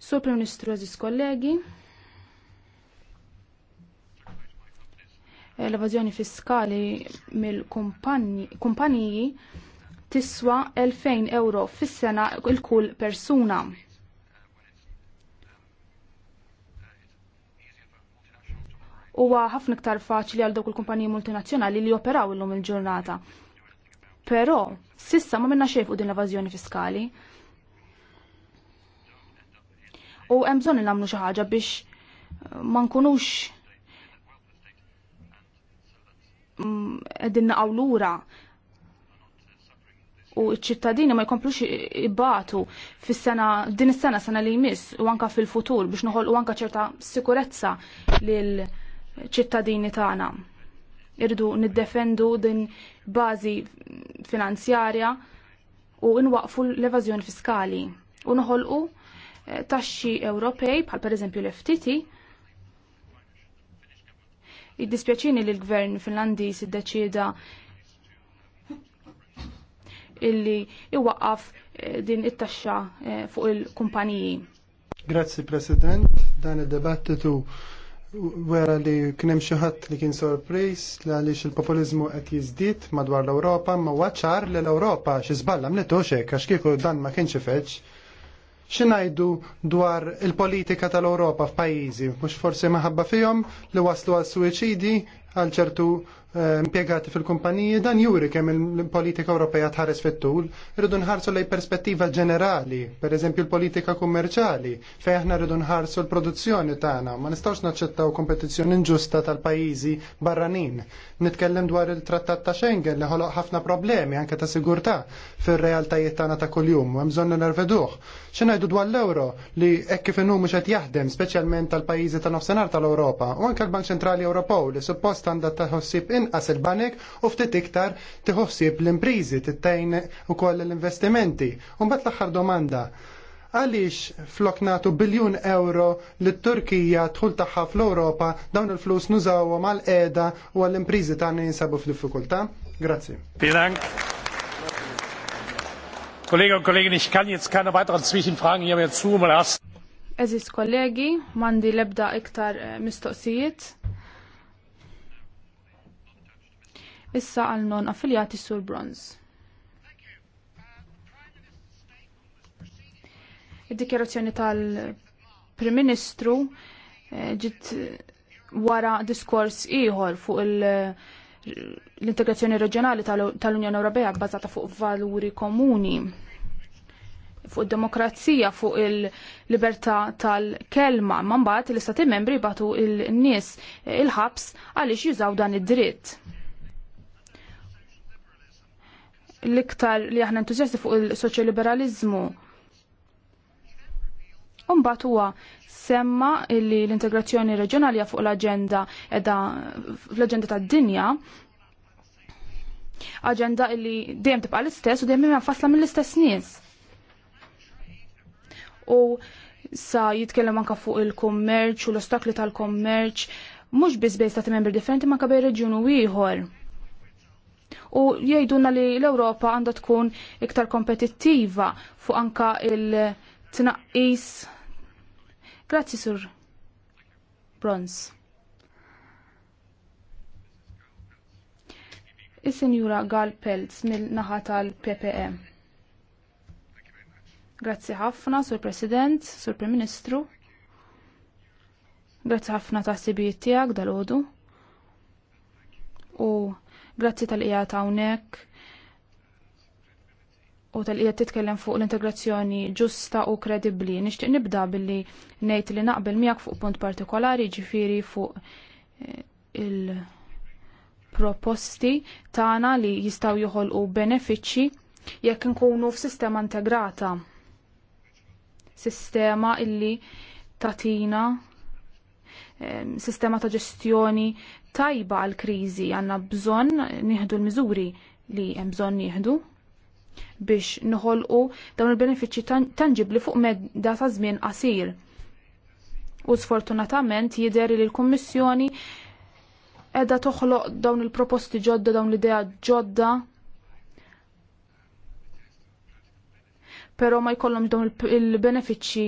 Sur Prim Ministru eżis kollegi. Eh, L-evażjoni fiskali mill-kumpaniji tiswa 2000 euro fis-sena il-kull persuna huwa ħafna iktar faċli għal dawk il-kumpaniji multinazzjonali li joperaw illum il-ġurnata. Però sissa ma minna xejn fuq din l-evażjoni fiskali. U hemm bżonn nagħmlu xi ħaġa biex eh, ma nkunux mm, qegħdin naqgħu lura u ċ-ċittadini ma jkomplux ibatu fis-sena din is-sena sena li jmiss u anka fil-futur biex noħolqu anka ċerta sikurezza lil ċittadini tagħna. Irdu niddefendu din bażi finanzjarja u nwaqfu l-evażjoni fiskali u noħolqu eh, taxxi Ewropej bħal pereżempju l-FTT Id-dispjaċini li l-gvern finlandiż iddeċieda illi iwaqqaf eh, din it-taxxa eh, fuq il-kumpaniji. Grazzi President, dan id-debattitu wera li kien hemm xi ħadd li kien sorpriż li għaliex il-populiżmu qed jiżdied madwar l-Ewropa ma waċar li l-Ewropa xi żballa mnitux hekk għax kieku dan ma kienx ifeċ. Xinajdu dwar il-politika tal-Ewropa f'pajjiżi, mhux forsi maħabba fihom li waslu għal suwiċidi għal ċertu eh, impiegati fil-kumpaniji dan juri kemm il-politika Ewropea tħares fit-tul, rridu nħarsu lej perspettiva ġenerali, per eżempju l-politika kummerċali, fejn aħna rridu nħarsu l-produzzjoni tagħna, ma nistgħux naċċettaw kompetizzjoni inġusta tal-pajjiżi barranin. Nitkellem dwar il-Trattat ta' Schengen li ħoloq ħafna problemi anke ta' sigurtà fir-realtajiet tagħna ta' kuljum, hemm bżonn nerveduh. ngħidu dwar l ewro li hekk kif inhu mhux qed jaħdem, speċjalment tal-pajjiżi ta' nofsinhar tal-Ewropa, u anke l-Bank Ċentrali Ewropew li suppost standard ta' taħossib inqas il-banek u ftit iktar tiħossib l-imprizi tittejn ukoll l-investimenti. Umbagħad l-aħħar domanda. Għaliex flok natu biljun euro li turkija tħul tagħha fl-Ewropa dawn il-flus nużawhom għal qeda u għall-imprizi tagħna jinsabu f'diffikultà? Grazzi. Kolleginnen und Kollegen, ich kann jetzt keine weiteren Zwischenfragen hier mehr um as Eżis kollegi, mandi lebda iktar eh, mistoqsijiet. issa għal non affiljati sur bronz. Id-dikjerazzjoni tal-Prim Ministru eh, ġit wara diskors ieħor fuq l-integrazzjoni reġjonali tal-Unjoni Ewropea bbażata fuq valuri komuni fuq id demokrazija, fuq il-libertà tal-kelma, man bat l-istati membri batu il-nies eh, il-ħabs għaliex jużaw dan id-dritt l-iktar li aħna entużjasti fuq il-soċjoliberalizmu. Umbat huwa semma li l-integrazzjoni reġjonali fuq l-aġenda edha fl-aġenda tad-dinja aġenda li dejjem tibqa' l-istess u dejjem hija fasla mill-istess nies. U sa jitkellem anka fuq il-kummerċ u l-ostakli tal-kummerċ mhux biss bejn stati membri differenti ma kabej reġjun u ieħor u jgħidulna li l-Ewropa għandha tkun iktar kompetittiva fuq anka il-tnaqqis. Grazzi sur Bronze. Is-Sinjura Gal Pelz mill-naħa tal-PPE. Grazzi ħafna, Sur President, Sur Prim Ministru. Grazzi ħafna ta' sibijiet tiegħek dal-għodu. U Grazzi tal-qijat hawnhekk u tal-qijat titkellem fuq l-integrazzjoni ġusta u kredibbli. Nixtieq nibda billi ngħid li naqbel miegħek fuq punt partikolari ġifiri fuq eh, il-proposti tagħna li jistgħu joħolqu benefiċċji jekk inkunu f'sistema integrata. Sistema illi tatina eh, sistema ta' ġestjoni tajba għal kriżi għandna bżonn nieħdu l-miżuri li hemm bżonn nieħdu biex nħolqu dawn il-benefiċċji tangibli fuq medda ta' żmien qasir. U sfortunatament jidher li l-Kummissjoni qiegħda toħloq dawn il-proposti ġodda, dawn l-idea ġodda pero ma jkollhom dawn il-benefiċċji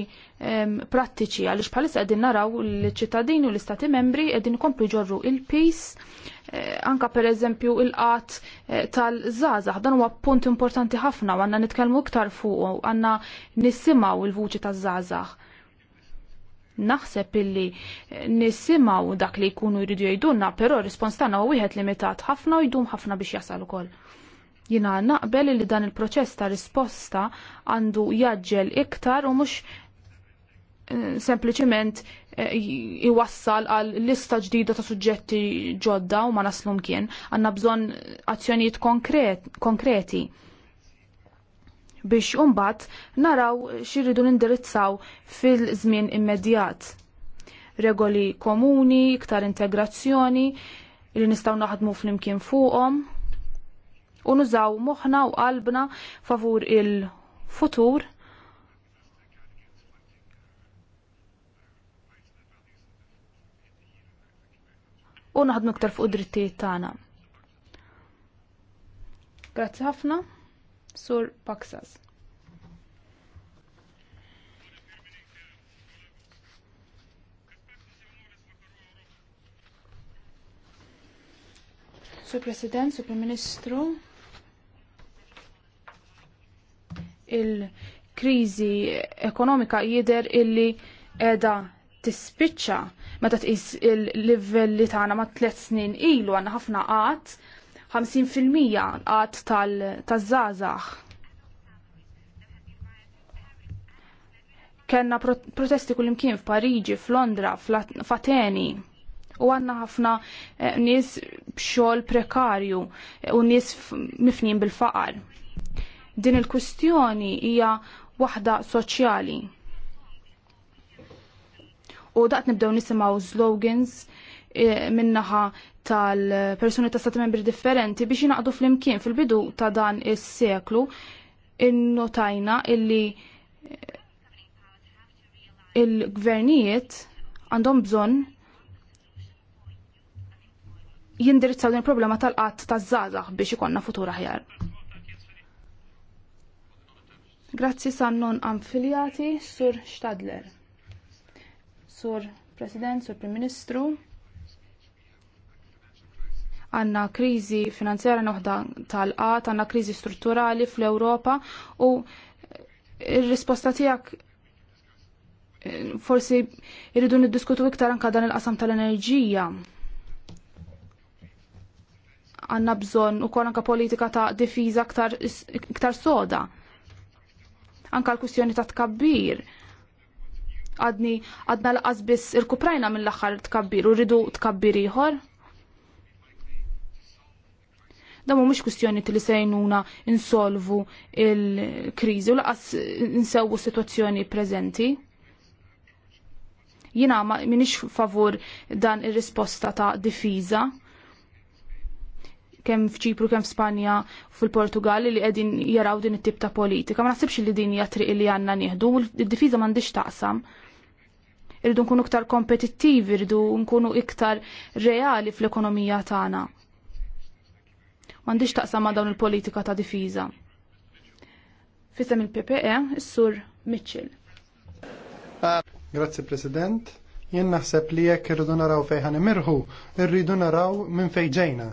ehm, prattiċi għaliex bħalissa qegħdin naraw l-ċittadini u l-istati membri qegħdin ikomplu ġorru il-peace eh, anka per eżempju il-qat eh, tal-żgħażagħ dan huwa punt importanti ħafna u għandna nitkellmu iktar fuq għandna nisimgħu il-vuċi taż-żgħażagħ. Naħseb illi eh, nisimgħu dak li jkunu jridu jgħidulna, però r-rispons tagħna huwa wieħed limitat ħafna u jdum ħafna biex jasal ukoll. Jina naqbel li dan il-proċess ta' risposta għandu jaġġel iktar u mux eh, sempliciment eh, iwassal għal lista ġdida ta' suġġetti ġodda u ma naslum kien. Għanna bżon azzjonijiet konkreti biex umbat naraw xirridu nindirizzaw fil-żmien immedjat. Regoli komuni, iktar integrazzjoni, li nistaw naħdmu fl-imkien fuqom, u nużaw moħħna u qalbna favur il-futur u naħdmu iktar fuq drittijiet tagħna. Grazzi ħafna, Sur Paksas. Sur President, Sur Prim Ministru, il-kriżi ekonomika jidher illi qiegħda tispiċċa meta tqis il-livelli tagħna ma' tliet snin ilu għandna ħafna qatt 50% qatt tal-żgħażagħ. Kenna protesti kullimkien f'Pariġi, f'Londra, f'Ateni u għanna ħafna eh, nies b'xogħol prekarju eh, u nies mifnin bil-faqar. Din il-kwistjoni hija waħda soċjali. U daqt nibdew nisimgħu slogans eh, minnaħa tal-persuni ta' stati membri differenti biex jinaqdu fl-imkien fil-bidu ta' dan is-seklu innotajna illi eh, il-gvernijiet għandhom bżonn jindirizzaw din il-problema tal-qatt taż-żgħażagħ biex ikonna futur aħjar. Grazzi non amfiljati Sur Stadler. Sur President, Sur Prim Ministru. Għanna krizi finanzjera noħda tal-qat, għanna krizi strutturali fl-Europa u il-risposta tijak forsi irridu niddiskutu iktar anka dan il-qasam tal-enerġija. Għanna bżon u kol anka politika ta' difiza iktar soda. Anka l-kwistjoni ta' tkabbir. Għadni għadna laqas biss irkuprajna mill-aħħar tkabbir u rridu tkabbir ieħor. Da mhumiex kwistjoni li sejnuna insolvu il-kriżi u laqas insewu situazzjoni preżenti jina minix favur dan ir risposta ta' difiza kemm f'Ċipru, kemm f'Spanja, fil-Portugal li qegħdin jaraw din it-tip ta' politika. Ma naħsibx li din hija triq li għandna nieħdu, id-difiża m'għandix taqsam. Irridu nkunu iktar kompetittivi, irridu nkunu iktar reali fl-ekonomija tagħna. M'għandix taqsam ma' dawn il-politika ta' difiża. Fisem il-PPE, is-Sur Mitchell. Grazie President jien naħseb li jekk irridu naraw fejn ħanimirħu, irridu naraw minn fejn ġejna.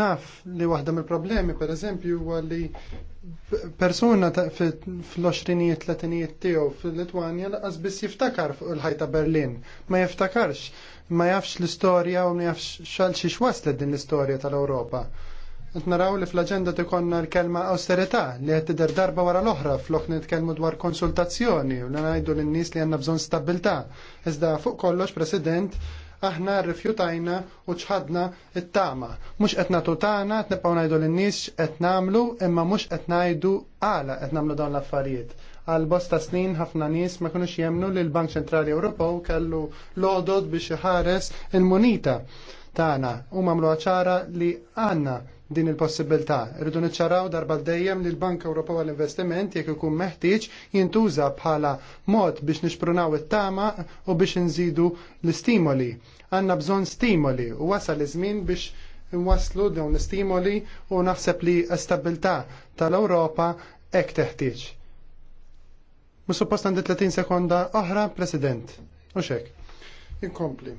Naf li waħda mill-problemi, per eżempju, huwa li persuna fl-20 30 tiegħu fil-Litwanja laqas biss jiftakar fuq il-ħajta Berlin. Ma jiftakarx, ma jafx l-istorja u ma jafx xal xi waslet din l-istorja tal-Ewropa. Qed naraw li fl-aġenda tikonna l-kelma austerità li qed tidher darba wara l-oħra flok nitkellmu dwar konsultazzjoni u li ngħidu lin-nies li għandna bżonn stabilità. Iżda fuq kollox President aħna rrifjutajna u ċħadna it-tama. Mux qed tutana, tagħna qed nibqgħu ngħidu lin-nies qed nagħmlu imma mhux qed ngħidu għala qed nagħmlu dawn l-affarijiet. Għal bosta snin ħafna nies ma kunux jemnu li l-Bank Ċentrali Ewropew kellu lodod biex iħares il-munita tagħna u mamlu ċara li għandna din il-possibilità. Rridu niċċaraw darba dejjem li l-Bank Ewropew għall-Investiment jekk ikun meħtieġ jintuża bħala mod biex nixprunaw it-tama u biex nżidu l-istimoli. Għandna bżonn stimoli u wasal iż-żmien biex nwaslu dawn l-istimoli u naħseb li stabilità tal-Ewropa hekk teħtieġ. Mus suppost għandi 30 sekonda oħra, President. U xek. Inkompli.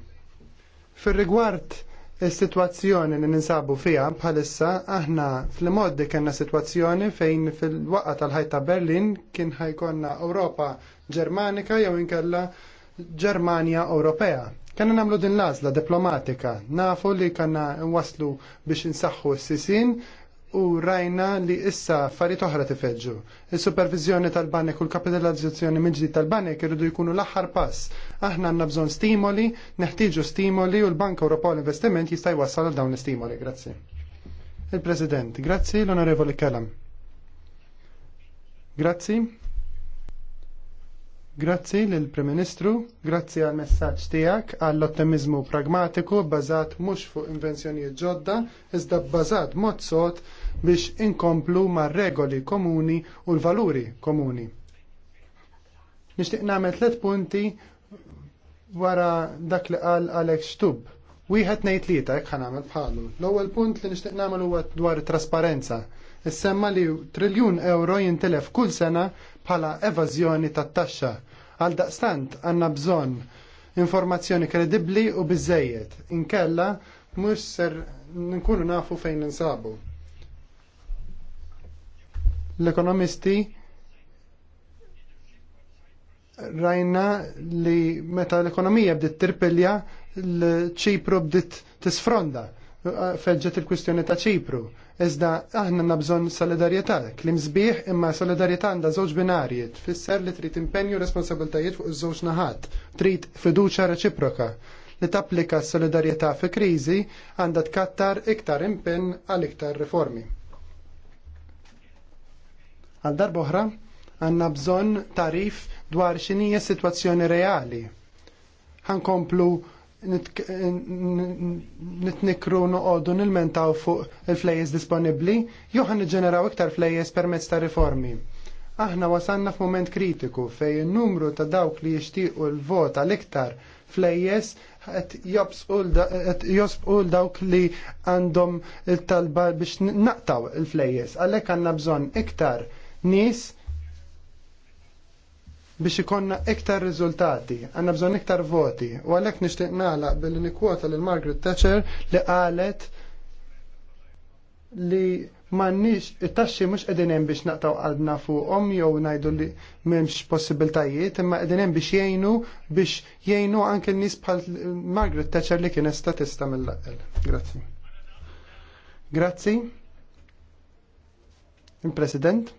Fil-rigward Is-sitwazzjoni li ninsabu fiha bħalissa aħna fl-moddi kellna sitwazzjoni fejn fil-waqqa tal-ħajt ta' Berlin kien ħajkonna Ewropa Ġermanika jew inkella Ġermanja Ewropea. Kanna namlu din l-għażla diplomatika, nafu li kanna waslu biex insaħħu s-sisin u rajna li issa affarijiet oħra tifeġġu. Is-supervizjoni tal-banek u l-kapitalizzazzjoni mill-ġdid tal-banek irridu jkunu l-aħħar pass. Aħna għandna bżonn stimoli, neħtieġu stimoli u l-Bank Ewropew l-Investiment jista' jwassal għal dawn l-istimoli. Grazzi. Il-President, grazzi l-Onorevoli Kellam. Grazzi. Grazzi lill prim Ministru, grazzi għal messaġġ tiegħek għall ottimizmu pragmatiku bbażat mhux fuq invenzjonijiet ġodda, iżda bbażat mod sod biex inkomplu ma' regoli komuni u l-valuri komuni. Nishtiq nagħmel tliet punti wara dak li qal Alex Stubb. Wieħed ngħid tlieta jekk ħanamel bħalu. L-ewwel punt li nixtieq nagħmel huwa dwar trasparenza. Issemma li triljun euro jintelef kull sena bħala evażjoni tat-taxxa. Għal daqstant għandna bżonn informazzjoni kredibbli u biżejjed. Inkella mhux ser nkunu nafu fejn ninsabu. L-ekonomisti rajna li meta l-ekonomija bdiet tirpilja l-ċipru bdiet tisfronda feġġet il-kwistjoni ta' ċipru. Iżda aħna nabżon solidarjetà, klim sbieħ imma solidarjetà għandha żewġ binarjiet. tfisser li trid impenju responsabiltajiet fuq iż-żewġ naħat, trid fiduċa reċiproka li tapplika s-solidarjetà fi kriżi għandha tkattar iktar impenn għal iktar riformi. Għal darboħra, għanna bżon tarif dwar xinija situazzjoni reali. Għankomplu nitnikru noqodu nil-mentaw fuq il-flejjes disponibli, jew ħan ġeneraw iktar flejjes permezz ta' riformi. Aħna wasanna f'moment kritiku fej n-numru ta' dawk li jixtiequ l-vot għal-iktar flejjes josbqu l-dawk li għandhom il-talba biex naqtaw il-flejjes. Għalek għanna bżon iktar Nis. biex ikonna iktar riżultati, għanna bżon iktar voti. U għalek nishtiq naħlaq billi nikwota lil Margaret Thatcher li qalet li mannix, it-taxxi mux edinem hemm biex naqtaw qalbna fuqhom jew ngħidu li m'hemmx possibiltajiet, imma qegħdin hemm biex jgħinu biex jgħinu anke n-nies bħal Margaret Thatcher li kien statista mill-laqel. Grazzi. Grazzi. Il-President.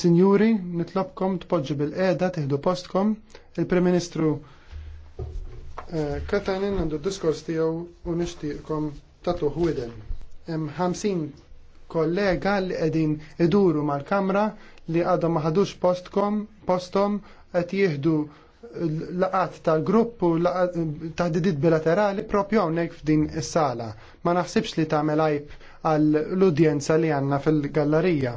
Sinjuri, nitlobkom tpoġġu bil-qeda teħdu postkom il-Prim Ministru eh, Katanin għandu diskors tiegħu u nixtieqkom tatlu ħwieden. Hemm 50 kollega li qegħdin iduru mal-kamra li għadhom ma ħadux postkom postom qed jieħdu laqat tal-grupp u taħdidiet bilaterali propju hawnhekk f'din is-sala. Ma naħsibx li tagħmel għajb għall-udjenza li għandna fil-gallerija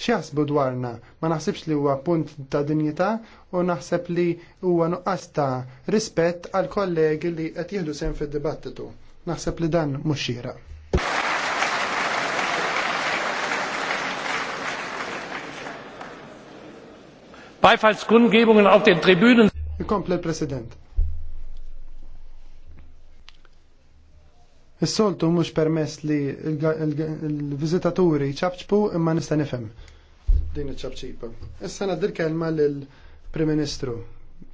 x'jaħsbu dwarna. Ma naħsibx li huwa punt ta' dinjità u naħseb li huwa nuqqas ta' rispett għal kollegi li qed jieħdu sehem fid-dibattitu. Naħseb li dan mhux xira. Beifallskundgebungen auf den Tribünen. Komplett Präsident. Is-soltu mhux permess li l-viżitaturi ċabċbu imma nista' nifhem din iċ-ċabċiba. Issa ngħaddi l-kelma lill-Prim Ministru.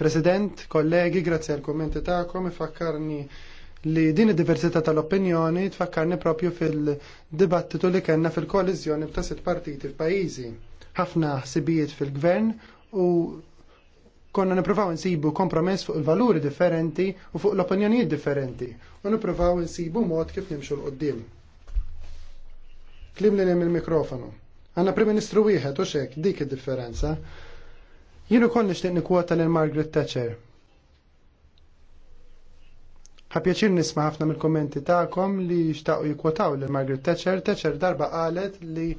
President, kollegi, grazzi għal kommenti tagħkom ifakkarni li din id-diversità tal-opinjoni tfakkarni propju fil-dibattitu li kellna fil-koalizjoni ta' sitt partiti f'pajjiżi. Ħafna ħsibijiet fil-gvern u konna niprofaw nsibu kompromess fuq il-valuri differenti u fuq l-opinjonijiet differenti u niprofaw nsibu mod kif nimxu l-qoddim. Klim li nem il-mikrofonu. Għanna prim ministru wieħed u xek dik id-differenza. Jienu kon nixtieq nikwota lil Margaret Thatcher. Ħapjaċir nisma' ħafna mill-kommenti tagħkom li xtaqgħu jikwotaw lil Margaret Thatcher. Thatcher darba qalet li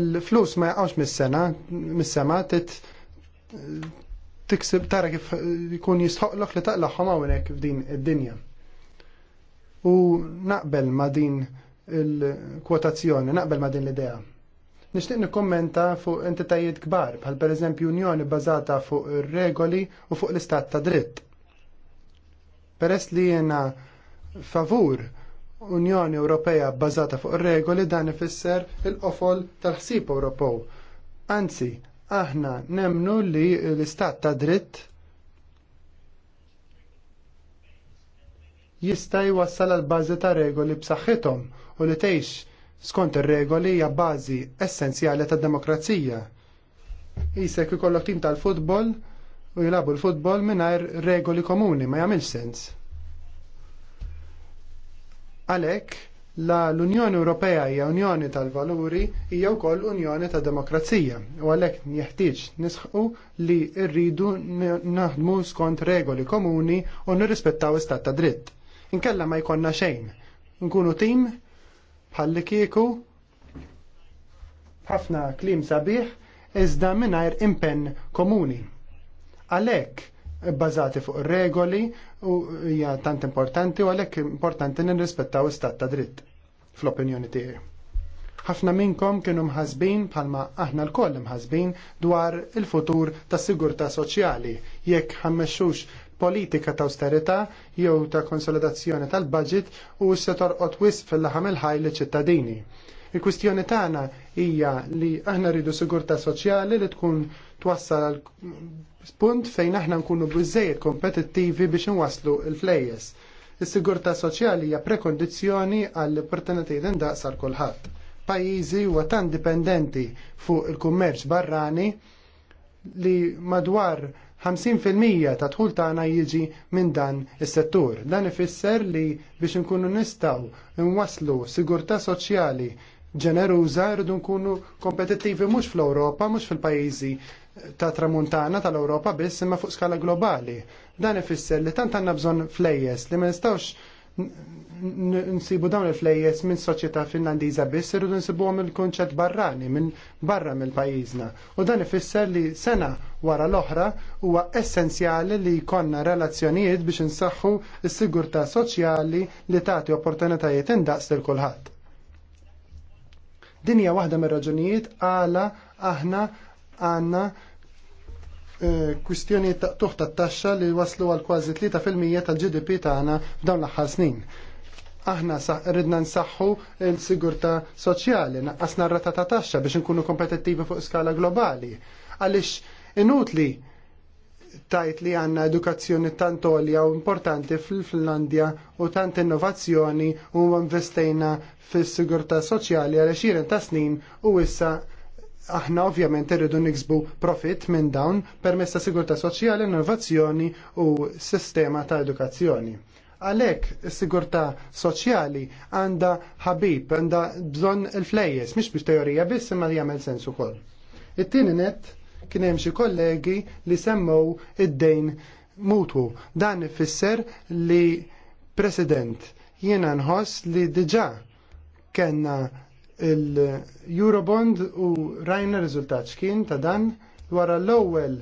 l flus ma jaqgħux mis-sena, mis-sema tiksib tara kif jkun jistħoqlok li taqlaħħom hawnhekk f'din id-dinja. U naqbel ma' din il-kwotazzjoni, naqbel ma' din l-idea. Nixtieq nikkommenta fuq entitajiet kbar, bħal pereżempju unjoni bażata fuq ir-regoli u fuq l-istat ta' dritt. Peress li jiena favur Unjoni Ewropea bbażata fuq ir regoli dan ifisser il-qofol tal-ħsieb Ewropew. Anzi, aħna nemnu li l-istat ta' dritt jista' jwassal għal bażi ta' regoli b'saħħithom u li tgħix skont ir-regoli hija bażi essenzjali tad-demokrazija. Isek ikollok tim tal-futbol u jilabu l-futbol mingħajr regoli komuni ma jagħmilx sens. Għalhekk La l-Unjoni Ewropea hija Unjoni tal-Valuri hija wkoll Unjoni ta' Demokrazija u għalhekk jeħtieġ nisħu li rridu naħdmu skont regoli komuni u nirrispettaw istat ta' dritt. Inkella ma jkollna xejn. Nkunu tim bħalli kieku ħafna klim sabiħ iżda mingħajr impenn komuni. Għalhekk bbażati fuq regoli u hija tant importanti u għalhekk importanti nirrispettaw istat ta' dritt fl-opinjoni tiegħi. Ħafna minnkom kienu mħasbin bħalma aħna lkoll mħasbin dwar il-futur tas sigurtà soċjali jekk ħammexxux politika ta' austerità jew ta' konsolidazzjoni tal-budget u se torqod wisq fil-laħam il-ħaj li ċittadini. Il-kwistjoni tagħna hija li aħna rridu sigurtà soċjali li tkun twassal punt fejn aħna nkunu biżejjed kompetittivi biex nwaslu l-flejjes. Is-sigurtà soċjali hija prekondizzjoni għall opportunitajiet daqs għal kulħadd. Pajjiżi huwa tant dipendenti fuq il-kummerċ barrani li madwar 50% ta' dħul tagħna jiġi minn dan is-settur. Dan ifisser li biex nkunu nistgħu nwaslu sigurtà soċjali ġeneruża rridu nkunu kompetittivi mhux fl-Ewropa, mhux fil-pajjiżi ta' tramuntana tal-Ewropa biss imma fuq skala globali. Dan ifisser li tant għandna bżonn flejjes li ma nistgħux nsibu dawn il-flejjes minn soċjetà Finlandiża biss irridu nsibuhom il-kunċett barrani minn barra mill-pajjiżna. U dan ifisser li sena wara l-oħra huwa essenzjali li jkollna relazzjonijiet biex insaħħu s-sigurtà soċjali li tagħti opportunitajiet indaqs lil kulħadd. Dinja waħda mir-raġunijiet għala aħna għanna eh, kwistjoni tuħ ta' taxxa li waslu għal kważi 3% tal-GDP tagħna f'dawn l-aħħar snin. Aħna ridna nsaħħu l-sigurta soċjali, naqqasna r-rata ta' taxxa biex nkunu kompetittivi fuq skala globali. Għaliex inutli tajt li għanna edukazzjoni tant olja u importanti fil-Finlandja u tant innovazzjoni u investejna fis sigurta soċjali għal 20 ta' snin u issa aħna ovvjament irridu niksbu profit minn dawn permezz ta' sigurtà soċjali, innovazzjoni u sistema ta' edukazzjoni. Għalhekk is-sigurtà soċjali għandha ħabib, għandha bżonn il-flejjes, mhix biex teorija biss imma li jagħmel sens ukoll. It-tieni net kien hemm xi kollegi li semmew id-dejn mutu. Dan ifisser li President jiena nħoss li diġà kellna il-Eurobond u rajna riżultat xkien ta' dan wara l-ewwel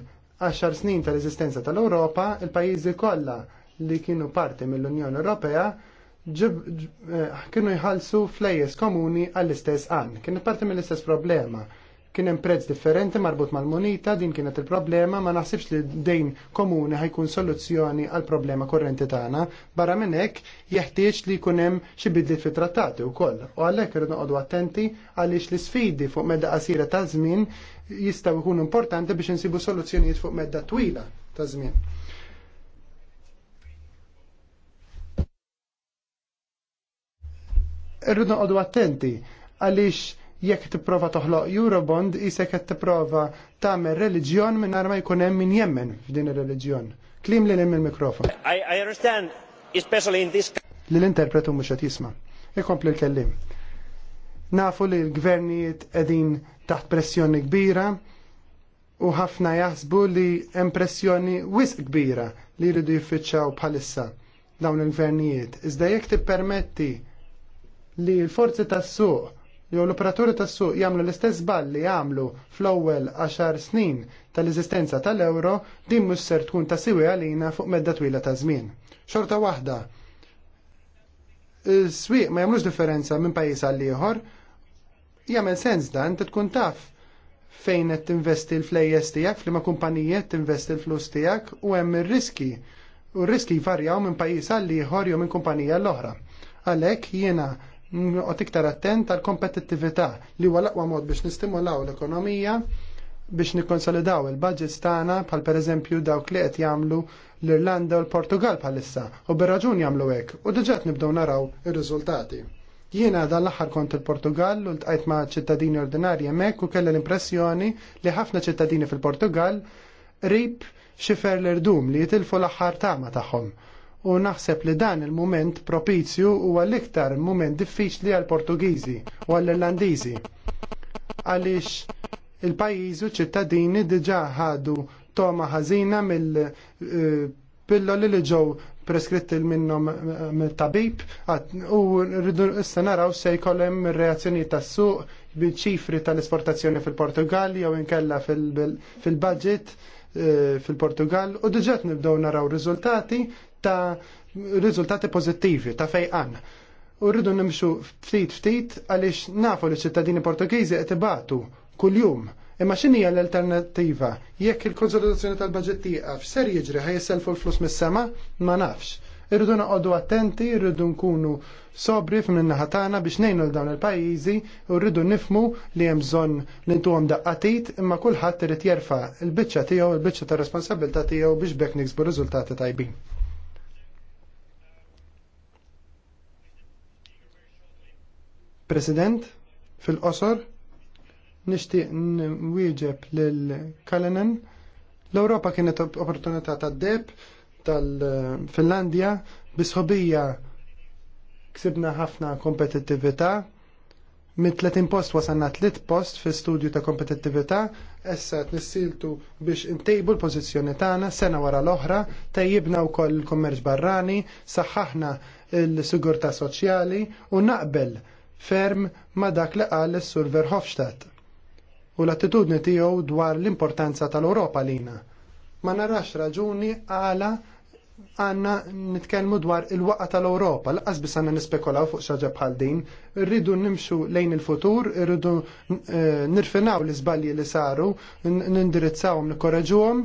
10 snin tal-eżistenza tal-Ewropa, il-pajjiżi kollha li kienu parti mill-Unjoni Ewropea eh, kienu jħallsu flejjes komuni għall-istess għan. Kienu parti mill-istess problema. Kien hemm prezz differenti marbut mal-munita, din kienet il-problema, ma naħsibx li dejn komuni ħajkun soluzzjoni għal problema korrenti tagħna. Barra minn hekk jeħtieġ li jkun hemm xi bidlit fit-trattati wkoll. U għalhekk irid noqogħdu attenti għaliex l-isfidi fuq medda qasira ta' żmien jistgħu jkunu importanti biex insibu soluzzjonijiet fuq medda twila ta' żmien. Irridu noqogħdu attenti għaliex jekk tipprova toħloq Eurobond jisek qed tipprova tagħmel reliġjon mingħajr ma jkun hemm min jemmen f'din ir-reliġjon. Klim lil hemm il-mikrofon. I understand especially in this l interpretu mhux qed jisma'. Ikompli l-kellim. Nafu li l-gvernijiet qegħdin taħt pressjoni kbira u ħafna jaħsbu li hemm pressjoni wisq kbira li jridu jiffiċċaw bħalissa dawn il-gvernijiet. Iżda jekk tippermetti li l-forzi tas-suq jew l-operaturi tas-suq jagħmlu l-istess li jagħmlu fl-ewwel 10 snin tal-eżistenza tal-euro din mhux ser tkun ta' siwi għalina fuq medda twila ta' żmien. Xorta waħda. Is-swieq ma jagħmlux differenza minn pajjiż għal ieħor. Jagħmel sens dan ti tkun taf fejn qed tinvesti l-flejjes tiegħek, flima kumpaniji qed tinvesti l-flus tiegħek u hemm ir-riski u r-riski jvarjaw minn pajjiż għal ieħor jew minn kumpanija l-oħra. Għalhekk jiena Għot iktar attent għal kompetittività li huwa l-aqwa mod biex nistimulaw l-ekonomija biex nikkonsolidaw il-budgets tagħna bħal pereżempju dawk li qed jagħmlu l-Irlanda u l-Portugal bħalissa u bir-raġun jagħmlu hekk u diġà nibdew naraw ir-riżultati. Jiena dan l-aħħar kont il-Portugal u ltqajt ma' ċittadini ordinarji hemmhekk u kellha l-impressjoni li ħafna ċittadini fil-Portugal rib xifer l-irdum li jitilfu l-aħħar tama tagħhom u naħseb li dan il-moment propizju huwa l-iktar moment diffiċli għal Portugiżi u għall irlandiżi Għaliex il-pajjiż u ċittadini diġà ħadu toma ħażina mill-pilloli eh, li ġew preskritti minnhom eh, mit-tabib u rridu issa naraw se jkollhom ir-reazzjonijiet tas-suq bil-ċifri tal-esportazzjoni fil-Portugal jew inkella fil-budget eh, fil-Portugal u diġà nibdew naraw riżultati ta' riżultati pożittivi, ta' fejqan. U rridu nimxu ftit ftit għaliex nafu li ċittadini Portugiżi qed ibatu kuljum. Imma x'inhi hija l-alternattiva? Jekk il-konsolidazzjoni tal-baġġett tieqaf, ser jiġri ħajselfu l-flus mis-sema? Ma nafx. Irridu noqogħdu attenti, irridu nkunu sobri f'min-naħa tagħna biex ngħinu l dawn il-pajjiżi u rridu nifmu li hemm bżonn li ntuhom daqqatit imma kulħadd irid jerfa' l-biċċa tiegħu, il-biċċa tar-responsabilità tiegħu biex bekk niksbu riżultati tajbin. President, fil-qosor, nixtieq nwieġeb lil Kalenen. L-Ewropa kienet opportunità ta' deb tal-Finlandja bisħobija ksibna ħafna kompetittività mit 30 post wasanna 3 post fi studju ta' kompetittività, essa nissiltu biex intejbu l-pozizjoni tagħna sena wara l-oħra, tajjibna wkoll il-kummerċ barrani, saħħaħna l-sigurtà soċjali u naqbel ferm ma dak li qal is-Sur Verhofstadt u l-attitudni tiegħu dwar l-importanza tal-Ewropa lina. Ma narax raġuni għala għanna nitkellmu dwar il-waqqa tal europa laqas biss għanna nispekolaw fuq xaġa bħal din, rridu nimxu lejn il-futur, rridu eh, nirfinaw l-iżbalji li saru, nindirizzawhom, nikkoraġuhom,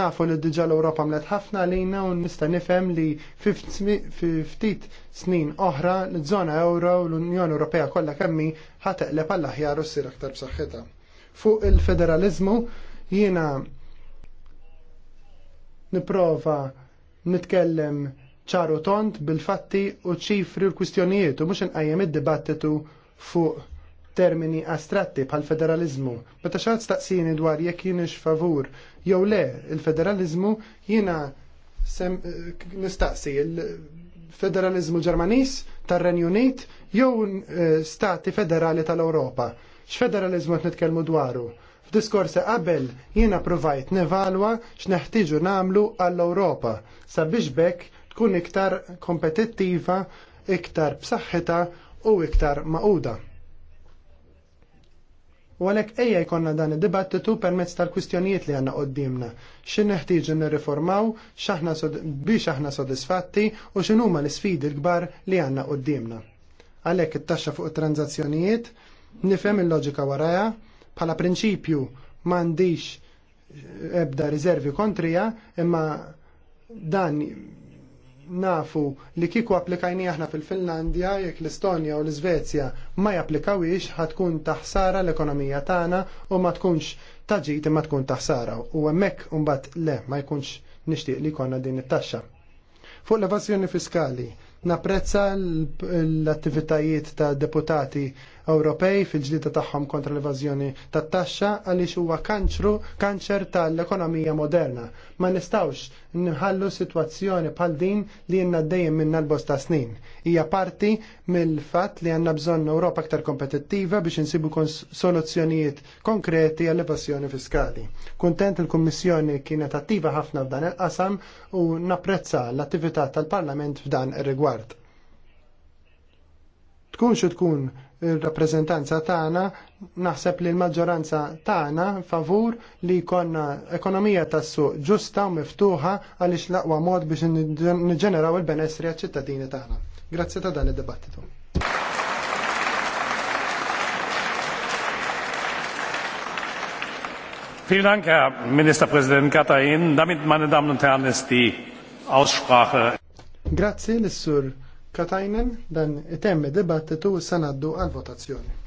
nafu li diġà l europa mlet ħafna lejna u nista' nifhem li ftit snin oħra l zona Ewro u l-Unjoni Ewropea kollha kemmi ħateqleb għall ħjaru u ssir aktar b'saħħitha. Fuq il-federalizmu jiena niprova nitkellem ċaru tont bil-fatti u ċifri u l-kwistjonijiet u mux nqajjem id-dibattitu fuq termini astratti bħal federalizmu. Meta xaħat staqsini dwar jekk jienix favur jew le il-federalizmu jiena nistaqsi il-federalizmu Ġermanis tar-Renju Unit jew eh, stati federali tal-Ewropa. X-federalizmu qed nitkellmu dwaru? F'diskorsa qabel jiena provajt nevalwa x'neħtieġu namlu għall-Ewropa sabiex bekk tkun iktar kompetittiva, iktar b'saħħitha u iktar maquda. U għalhekk ejja jkollna dan id-dibattitu permezz tal-kwistjonijiet li għandna qoddimna. X'in neħtieġu nirriformaw, x'aħna biex aħna sodisfatti u x'inhuma l-isfidi l-kbar li għandna qoddimna. Għalhekk it-taxxa fuq it-tranzazzjonijiet nifhem il-loġika warajha bħala prinċipju m'għandix eh, ebda riservi kontrija, imma dan nafu li kiku applikajni aħna fil-Finlandja, jekk l-Estonja u l-Svezja ma japplikawix, ħatkun taħsara l-ekonomija tagħna u ma tkunx taġit imma tkun taħsara. U hemmhekk imbagħad le ma jkunx nixtieq li jkollna din it-taxxa. Fuq l-evasjoni fiskali, napprezza l-attivitajiet ta' deputati Ewropej fil-ġlida tagħhom kontra l-evażjoni tat-taxxa għaliex huwa kanċru kanċer tal-ekonomija moderna. Ma nistgħux nħallu sitwazzjoni bħal din li għandna dejjem minna l-bosta snin. Hija parti mill-fatt li għandna bżonn Ewropa aktar kompetittiva biex insibu soluzzjonijiet konkreti għall-evażjoni fiskali. Kuntent il-Kummissjoni kienet attiva ħafna f'dan il-qasam u napprezza l-attività tal-Parlament f'dan ir-rigward. Tkun xi tkun il-rappresentanza tagħna naħseb li l-maġġoranza tagħna favur li jkollna ekonomija tas-suq ġusta u miftuħa għaliex l-aqwa mod biex niġġeneraw il-benessri għaċ-ċittadini tagħna. Grazie ta' dan id-dibattitu. Vielen Dank, Herr Ministerpräsident Katain. Damit, meine Damen und Herren, ist die Aussprache. Grazie, Lissur. Katajnen dan itemmi dibattitu sanaddu għal votazzjoni.